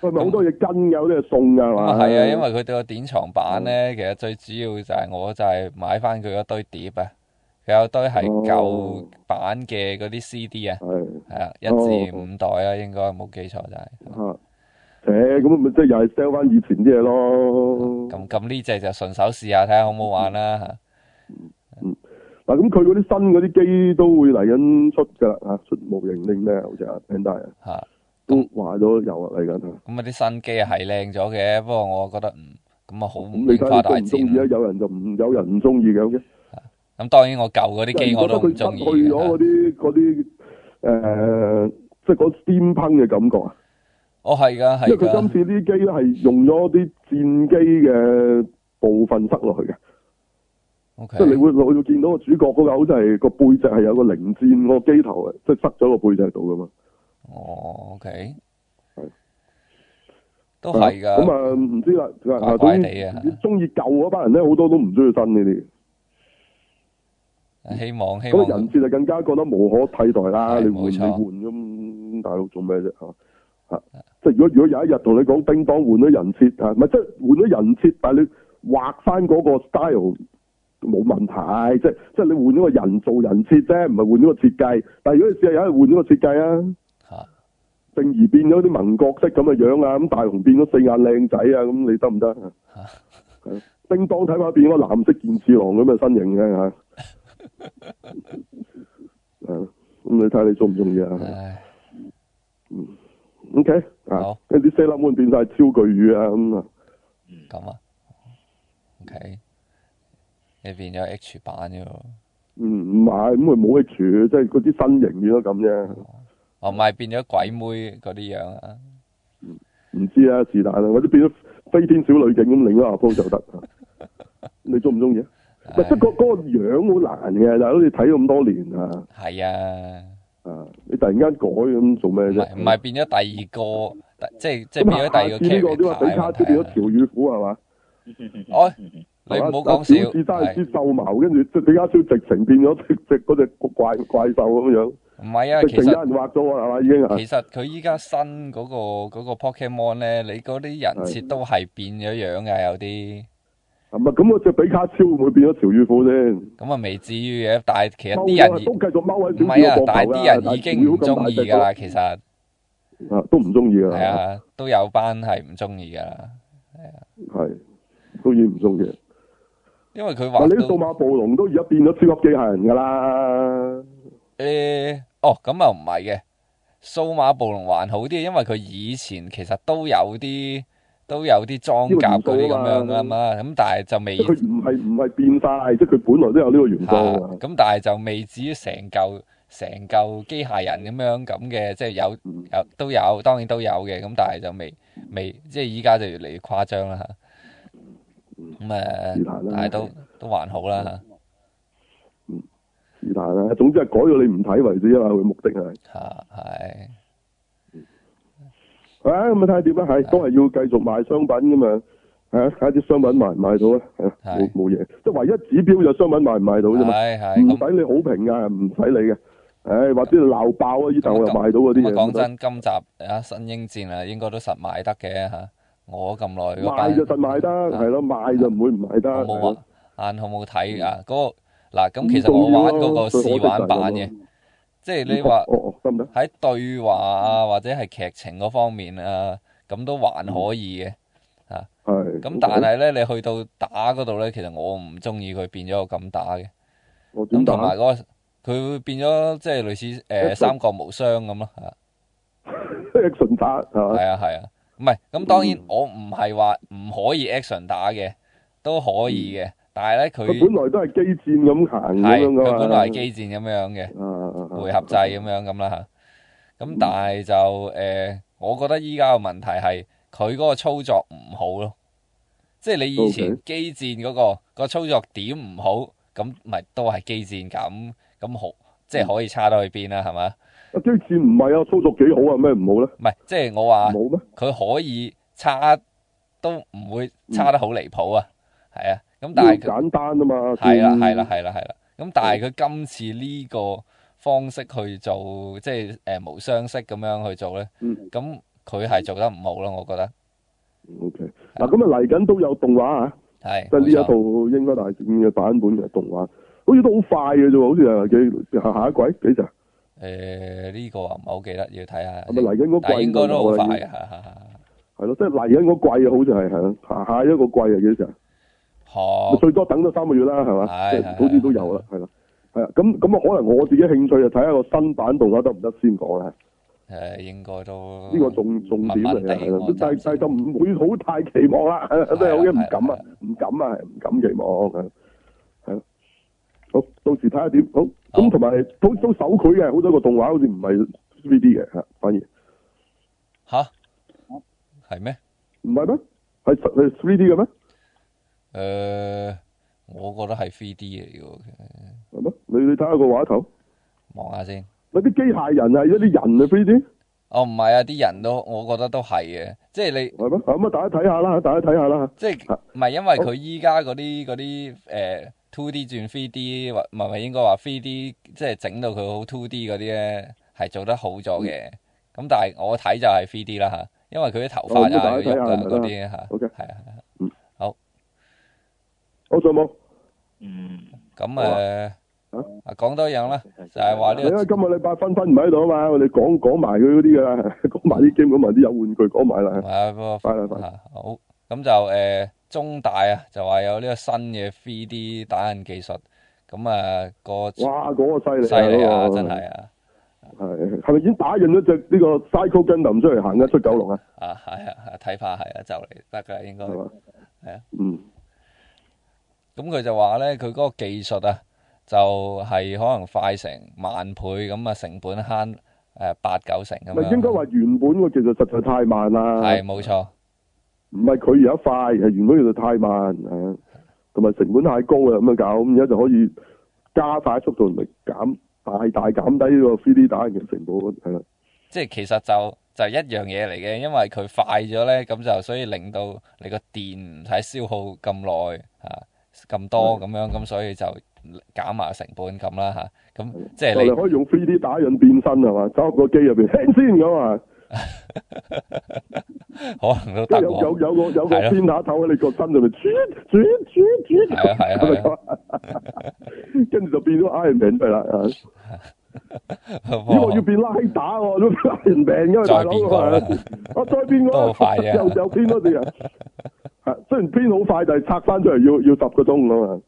佢咪好多嘢跟有啲係送㗎嘛。係、嗯、啊，因為佢對個典藏版咧、嗯，其實最主要就係我就係買翻佢嗰堆碟堆 CD，哦、啊。佢有堆係舊版嘅嗰啲 CD 啊。係。啊，一至五代啊，應該冇記錯就係、是。嗯誒，咁咪即係又係 sell 翻以前啲嘢咯。咁咁呢隻就順手試下睇下好唔好玩啦吓。嗯，嗱，咁佢嗰啲新嗰啲機都會嚟緊出噶啦吓，出無形令咧好似啊，Andy 吓，都壞咗又啊嚟緊啊。咁啊啲新機係靚咗嘅，不過我覺得嗯，咁啊好唔花大錢。有人就唔有人唔中意嘅咁啫。咁當然我舊嗰啲機我都唔中意啊。去咗嗰啲嗰啲誒，即係嗰先噴嘅感覺啊。我係噶，係。因為佢今次啲機咧係用咗啲戰機嘅部分塞落去嘅。O K。即係你會落去見到個主角個好似係個背脊係有個零戰個機頭嘅，即、嗯、係、就是、塞咗個背脊度噶嘛。哦，O K。係、okay。都係噶。咁啊，唔知啦。怪怪地啊。你中意舊嗰班人咧，好多都唔中意新呢啲。希望希望。嗰個人設就更加覺得無可替代啦。你換你換咁，大陸做咩啫？吓？即係如果如果有一日同你講叮噹換咗人設吓，咪？即係換咗人設，但係你畫翻嗰個 style 冇問題，即係即係你換咗個人做人設啫，唔係換咗個設計。但係如果你試下有，係換咗個設計啊，進而變咗啲民國式咁嘅樣行行 啊，咁大雄變咗四眼靚仔啊，咁你得唔得啊？叮噹睇下變咗藍色健次郎咁嘅身形嘅吓，咁你睇下你中唔中意啊？ 嗯 O、okay, K，好，啲四粒門變晒超巨魚啊咁啊，咁啊，O K，你變咗 H 版啫喎，唔唔係，咁咪冇 H，即係嗰啲身形嘢咯咁啫。哦，咪變咗鬼妹嗰啲樣啊？唔、okay，知、嗯、啊，是但啊，啊，或者變咗飛天小女警咁另一下鋪就得 你中唔中意啊？唔係，即嗰嗰個樣好難嘅，但係好似睇咁多年啊。係啊。你突然間改咁做咩啫？唔係變咗第二個，這個、即係即係變咗第二個劇情派嘛？變咗條魚虎係嘛？哎、 哦，你唔好講笑，獅、啊、子山跟住李家超直成變咗直直嗰隻怪怪獸咁樣。唔係啊，直成人畫咗啊嘛已經。其實佢依家新嗰、那個、那個 Pokemon 咧，你嗰啲人設都係變咗樣噶，有啲。唔係咁，我隻比卡超會唔會變咗條魚褲先？咁啊，未至於嘅，但係其實啲人都繼續踎喺條魚褲度唔係啊。但係啲人已經唔中意噶啦，其實啊，都唔中意啊。係啊，都有班係唔中意噶。係啊，係當然唔中意。因為佢話呢啲數碼暴龍都而家變咗超級機械人噶啦。誒、欸，哦，咁又唔係嘅，數碼暴龍還好啲，因為佢以前其實都有啲。都有啲裝甲嗰啲咁樣㗎嘛，咁、嗯、但係就未。佢唔係唔係變大，即、就、佢、是、本來都有呢個元素、啊。咁、啊、但係就未至於成嚿成嚿機械人咁樣咁嘅，即係、就是、有有、嗯、都有，當然都有嘅。咁但係就未未，即係依家就越嚟越誇張啦。吓、嗯，咁、嗯、誒，但係都、啊、都還好啦。吓、嗯，是但啦。總之係改到你唔睇為止，因為。佢目的係吓係。啊，睇下點啦，係都係要繼續賣商品噶嘛，係啊，睇啲商品賣唔賣到啊，冇冇嘢，即係唯一指標就商品賣唔賣到啫嘛，唔使你好評㗎，唔使你嘅，唉，或者鬧爆啊呢頭，我又賣到嗰啲嘢。咁啊，講真，今集啊《新英戰》啊，應該都實買得嘅嚇，我咁耐賣就實買得，係咯，賣就唔會唔買得。眼好冇睇啊，嗰個嗱，咁其實我玩嗰個試玩版嘅。即係你話喺對話啊，或者係劇情嗰方面啊，咁都還可以嘅嚇。係。咁但係咧，okay. 你去到打嗰度咧，其實我唔中意佢變咗咁打嘅。我點打？咁同埋嗰個，佢會變咗即係類似誒三國無雙咁咯嚇。Action 打，係啊，係啊，唔係咁當然我唔係話唔可以 action 打嘅，都可以嘅。嗯但係咧，佢本來都係機戰咁行咁樣噶，佢本來係機戰咁樣嘅、啊，回合制咁樣咁啦吓。咁、啊啊、但係就誒、嗯呃，我覺得依家個問題係佢嗰個操作唔好咯。即係你以前機戰嗰、嗰個、okay. 個操作點唔好，咁咪都係機戰咁咁好，嗯、即係可以差得去邊啦，係嘛？啊，機戰唔係啊，操作幾好啊，咩唔好咧？唔係，即係我話，冇咩，佢可以差都唔會差得好離譜啊，係、嗯、啊。咁但係簡單啊嘛，係啦係啦係啦係啦。咁但係佢今次呢個方式去做，即係誒無相識咁樣去做咧。嗯。咁佢係做得唔好咯，我覺得。O K。嗱，咁啊嚟緊都有動畫啊。係。即係呢一套應該係點嘅版本嘅動畫，好似都好快嘅啫，好似係幾下下一季幾時。誒，呢個啊唔係好記得，要睇下。咁啊嚟緊嗰季應該都好快啊。係咯，即係嚟緊嗰季好似係，下下一個季啊幾時。最多等咗三個月啦，係嘛？係，好似都有啦，係啦，係啊。咁咁啊，可能我自己興趣就睇下個新版動畫得唔得先講啦。誒，應該都呢、呢個重重點嚟嘅，係啦。但但就唔會好太期望啦，真係好嘢，唔敢啊，唔敢啊，唔敢，敢期望嘅。好到時睇下點。好咁同埋好都手繪嘅，好的很多個動畫好似唔係 three d 嘅嚇，反而嚇係咩？唔係咩？係 three d 嘅咩？誒、呃，我覺得係 3D 嚟嘅，係咩？你你睇下個畫頭，望下先。咪啲機械人，些人，哦，啊，一啲人嘅 3D。哦，唔係啊，啲人都我覺得都係嘅，即係你係咁大家睇下啦，大家睇下啦。即係唔係因為佢依家嗰啲 2D 轉 3D 或咪咪應該話 3D，即係整到佢好 2D 嗰啲咧，係做得好咗嘅。咁但係我睇就係 3D 啦吓，因為佢啲頭髮啊、人、哦、物啊係啊好上冇，嗯，咁誒，啊，啊講多一樣啦，就係話呢個，因為今日禮拜分分唔喺度啊嘛，我哋講講埋佢嗰啲嘅，講埋啲，基本埋啲有玩具講埋啦，係啊，好，咁就誒，中大啊，就話有呢個新嘅 3D 打印技術，咁啊個，哇，嗰個犀利，犀利啊，真係啊，係，係咪已經打印咗隻呢個 Psycho Gundam 出嚟行得出九龍啊？啊，係啊，係睇怕係啊，就嚟得噶應該，係啊，嗯。咁佢就話咧，佢嗰個技術啊，就係、是、可能快成萬倍咁啊，成本慳誒八九成咁樣。應該話原本個技術實在太慢啦。係，冇錯，唔係佢而家快，係原本個速度太慢，同埋成本太高啊咁樣搞，咁而家就可以加快速度嚟減大大減低呢個 3D 打印嘅成本，係啦。即係其實就就是、一樣嘢嚟嘅，因為佢快咗咧，咁就所以令到你個電唔使消耗咁耐。咁多咁、嗯、樣咁，所以就減埋成本咁啦吓。咁即係你可以用 3D 打印變身係嘛？走入個機入邊輕先咁啊。好啊， 後有 後有 有， 有個 有個變打頭喺你個身度邊轉轉轉轉。係啊跟住就變咗 Iron Man 啦。咦？我要變拉打喎，都 Iron Man，因為大佬我再變多快啊？ 個 個 又 又變多啲啊！ 啊，雖然編好快，但、就、係、是、拆翻出嚟要要十個鐘啊嘛。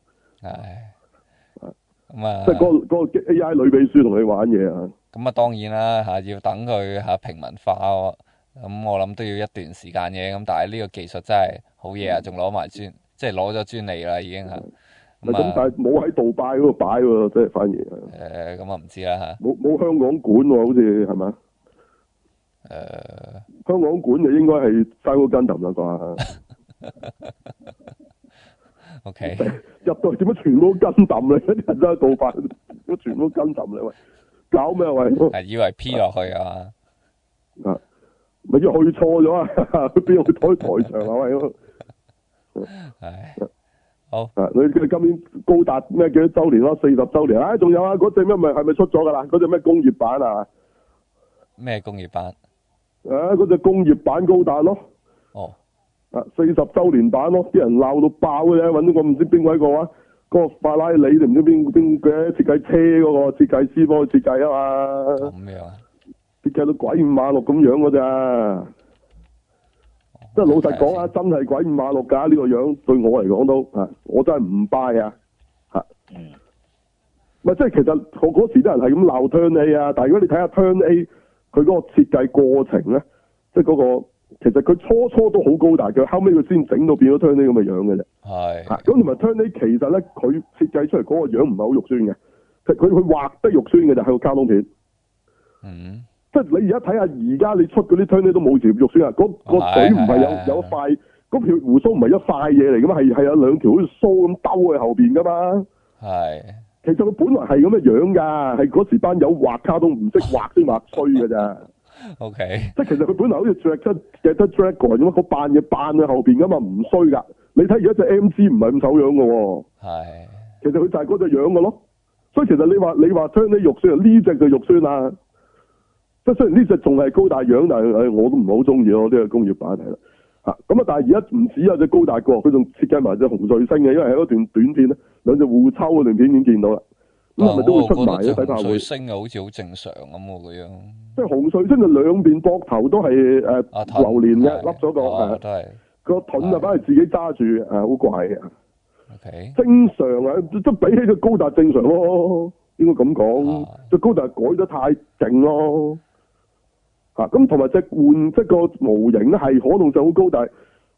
係，咁啊，即係嗰、那個 A I 女秘書同你玩嘢啊。咁啊，當然啦嚇、啊，要等佢嚇平民化喎。咁、啊、我諗都要一段時間嘅。咁但係呢個技術真係好嘢啊，仲攞埋專，即係攞咗專利啦已經嚇。咁、啊啊，但係冇喺杜拜嗰度擺喎，即係反而。誒咁啊，唔知啦嚇。冇、嗯、冇、嗯嗯嗯嗯嗯、香港館喎，好似係咪？誒、呃，香港館就應該係三屋根頭啦啩。 O K，入到點解全部都跟抌你？一人真係倒翻，我全部都跟抌你。喂，搞咩？喂，係以為 P 落去啊？咪要去錯咗啊？邊度坐台上啊？台台場啊 喂 啊，好。你哋今年高達咩幾多周年咯？四十周年啊！仲、哎、有啊？嗰隻咩咪係咪出咗噶啦？嗰隻咩工業版啊？咩工業版？誒、啊，嗰隻工業版高達咯。啊！四十周年版咯，啲人鬧到爆嘅啫，搵咗個唔知邊位個啊，嗰個法拉利定唔知邊邊嘅設計車嗰個設計師幫佢設計啊嘛。講咩啊？設計到鬼五馬六咁樣噶咋？即係老實講啊，真係鬼五馬六噶呢個樣，對我嚟講都啊，我真係唔拜啊！吓、嗯，係即係其實我嗰時啲人係咁鬧 turn A 啊，但係如果你睇下 turn A 佢嗰個設計過程咧，即係嗰個。其實佢初初都好高大嘅，後尾佢先整到變咗 Trendy 咁嘅樣嘅啫。係咁同埋 Trendy 其實咧，佢設計出嚟嗰個樣唔係好肉酸嘅，佢佢畫得肉酸嘅就係個卡通片。嗯。即係你而家睇下，而家你出嗰啲 Trendy 都冇條肉酸啊！嗰、那個嘴唔係有是是是是有塊，嗰條鬍鬚唔係一塊嘢嚟噶嘛？係係有兩條好似鬚咁兜喺後邊噶嘛？係。其實佢本來係咁嘅樣噶，係嗰時班友畫卡通唔識畫先畫衰嘅咋。 O K，即係其實佢本來好似着 r 出嘅都 drag 嚟咁啊，扮嘢扮喺後邊噶嘛，唔衰噶。你睇而家隻 M c 唔係咁醜樣噶喎，係。其實佢就係嗰隻樣噶咯。所以其實你話你話將啲肉酸啊呢隻嘅肉酸啊，即係雖然呢隻仲係高大樣，但係誒我都唔係好中意咯，呢個工業版嚟啦吓。咁啊，但係而家唔止有隻高大哥，佢仲設計埋隻紅墜星嘅，因為喺一段短片咧，兩隻互抽嘅短片已經見到啦。咁、嗯、咪、啊、都會出埋水星會、就是水星呃、啊！睇下佢升啊，好似好、okay，正常咁喎，咁樣。即係紅水星啊，兩邊膊頭都係誒榴蓮嘅，凹咗個誒，個盾，啊，反係自己揸住，誒好怪嘅。O K。正常啊，即比起個高達正常咯，應該咁講。隻高達改得太靜咯。嚇、啊！咁同埋隻換即個模型係可動性好高，但係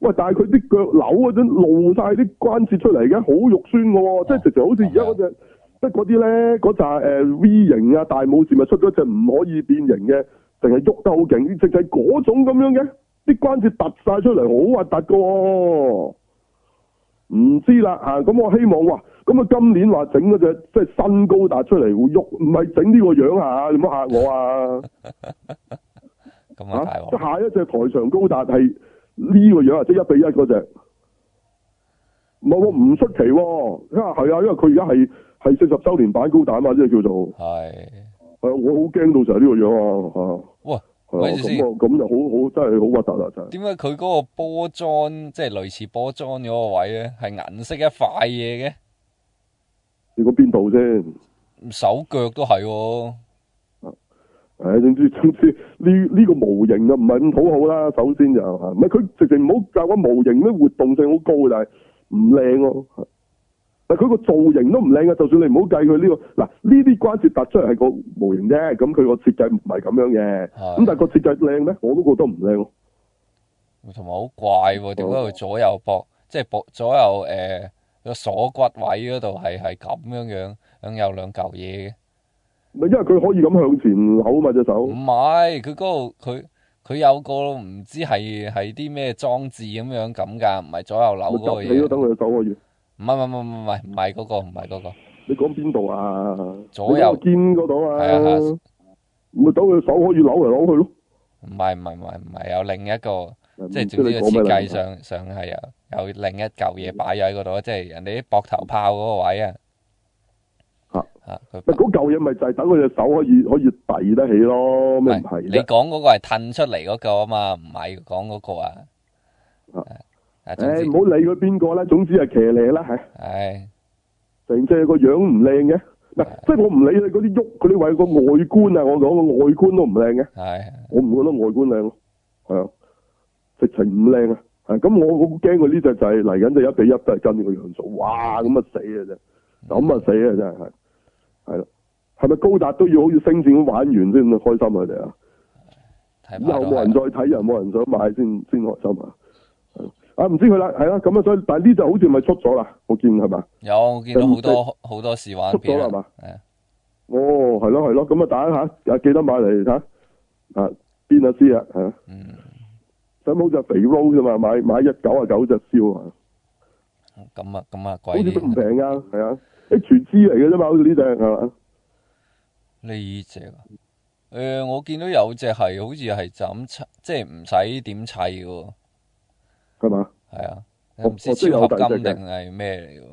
喂，但係佢啲腳扭嗰陣露晒啲關節出嚟嘅，好肉酸嘅喎、啊，即係直情好似而家嗰隻。即嗰啲咧，嗰扎誒 V 型啊，大武士咪出咗一隻唔可以變形嘅，淨係喐得好勁，淨係嗰種咁樣嘅，啲關節突晒出嚟，好核突噶唔知啦吓。咁、啊、我希望話，咁啊，今年話整嗰隻即係新高達出嚟會喐，唔係整呢個樣啊，你唔好吓我啊。咁 啊，下一隻台上高達係呢個樣，即係一比一嗰隻。唔係我唔出奇、哦，因為係啊，因為佢而家係。係四十周年擺高達嘛，即係、就是、叫做係。我好驚到就係呢個樣啊！吓，哇，係啊，咁啊，咁好好，真係好核突啊！就點解佢嗰個波裝，即係類似波裝嗰個位咧，係銀色一塊嘢嘅？你講邊度先？手腳都係喎。誒、哎，總之總之，呢呢、這個模型就唔係咁好好啦。首先就唔係佢，直情唔好教啊！模型咧活動性好高，但係唔靚喎。但係佢個造型都唔靚呀，就算你唔好計佢呢個，嗱呢啲關節突出嚟係個模型啫。咁佢個設計唔係咁樣嘅，咁但係個設計靚咩？我都覺得唔靚。同埋好怪喎，點解佢左右膊，即係膊左右誒個鎖骨位嗰度係係咁樣樣，兩右兩嚿嘢嘅。唔係因為佢可以咁向前扭啊嘛隻手。唔係佢嗰度，佢佢有個唔知係係啲咩裝置咁樣咁㗎，唔係左右扭嗰個嘢。睇咯，等佢走個月。唔係唔係唔係唔係唔係嗰個唔係嗰個，你講邊度啊？左右肩嗰度啊？係啊，咪等佢手可以扭嚟扭去咯。唔係唔係唔係唔係，有另一個，即係總之個設計上上係有有另一嚿嘢擺喺嗰度啊！即係人哋啲膊頭拋嗰個位啊。吓吓，但嗰嚿嘢咪就係等佢隻手可以可以抵得起咯。唔係，你講嗰個係褪出嚟嗰嚿啊嘛？唔係講嗰個啊。誒，唔好理佢邊個啦，總之係騎呢啦吓。係，成隻個樣唔靚嘅。嗱，即係我唔理佢嗰啲喐嗰啲位個外觀啊，我講個外觀都唔靚嘅。係。我唔覺得外觀靚咯，係啊，直情唔靚啊。咁我好驚佢呢隻就係嚟緊就一比一都係跟住個樣數。哇，咁啊死啊真，咁啊死啊真係係。係咯，係咪高達都要好似星戰咁玩完先開心佢哋啊？以後冇人再睇，又冇人想買先先開心啊？啊唔知佢啦，係咯咁啊，所以但係呢隻好似咪出咗啦，我見係嘛？有，我見到好多好多時玩片出咗啦，係嘛？係啊。哦，係咯係咯，咁啊打下啊，記得買嚟睇下，啊，邊啊先啊，係啊，使冇隻肥撈啫嘛，買買一九啊九隻燒啊。咁啊咁啊，貴啲都唔平啊。係啊，全資嚟嘅啫嘛，好似呢隻係嘛？呢隻？誒，我見到有隻係好似係咁即係唔使點砌嘅，係嘛？係啊，我、哦、唔知超合金定係咩嚟噶，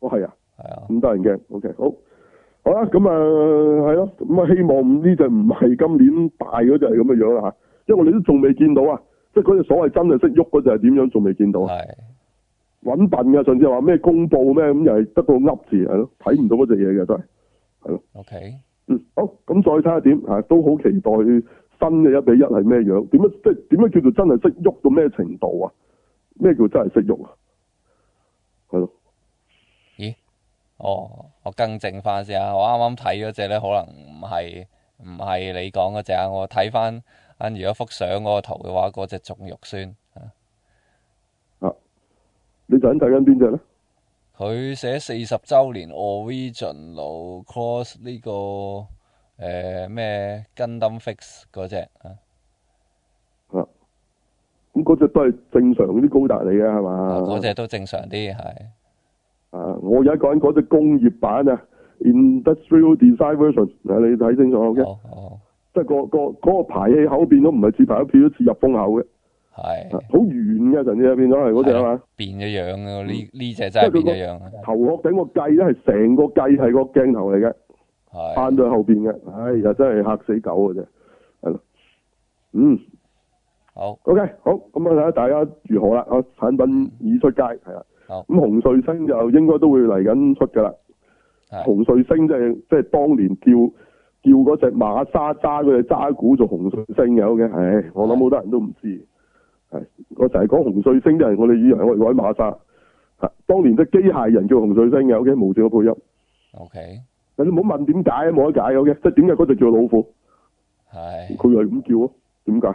哦係啊，係啊，唔得人驚。啊、o、OK, K，好，好啦，咁、呃、啊係咯，咁啊希望呢隻唔係今年大嗰隻係咁嘅樣啊，因為我哋都仲未見到啊，即係嗰隻所謂真係識喐嗰隻係點樣仲未見到啊，係，揾笨噶。上次話咩公布咩咁又係得、啊、到噏字係咯，睇唔到嗰隻嘢嘅真係，係咯，O K，嗯，好，咁再睇下點吓，都好期待新嘅一比一係咩樣，點樣即係點樣叫做真係識喐到咩程度啊？咩叫真係食肉？啊？係咯？咦？哦，我更正翻先啊！我啱啱睇嗰隻咧，可能唔係唔係你講嗰隻啊！我睇翻如果嗰幅相嗰個圖嘅話，嗰隻重肉酸啊！你睇睇緊邊隻咧？佢寫四十周年 Original Cross 呢、這個誒咩 Gundam Fix 嗰隻啊？嗰、嗯、隻都係正常啲高達嚟嘅係嘛？嗰隻都正常啲係。啊！我而家講緊嗰隻工業版啊，Industrial Design Version，你睇清楚、哦哦，即係、嗰個、嗰個嗰排氣口變咗唔係自排氣，都似入風口嘅。係。好圓嘅甚至係變咗係嗰隻啊嘛。變咗樣啊！呢呢隻真係變咗樣。個頭殼頂個計呢都係成個計係個鏡頭嚟嘅，喺在後邊嘅。唉、哎！又真係嚇死狗啊。啫。係咯，嗯。好，OK，好，咁啊睇下大家如何啦。我產品已出街，係、嗯、啦。咁紅、嗯嗯、彗，彗星就應該都會嚟緊出噶啦。紅彗星真係即係當年叫叫嗰隻馬莎渣嗰隻渣古做紅彗星有嘅。唉、okay？我諗好多人都唔知道。係，我成日講紅彗星就啫。我哋以前我我喺馬莎吓，當年隻機械人叫紅彗星嘅，OK，無綫嘅配音。OK，你唔好問點解啊，冇得解。OK，即係點解嗰隻叫老虎？係，佢係咁叫啊？點解？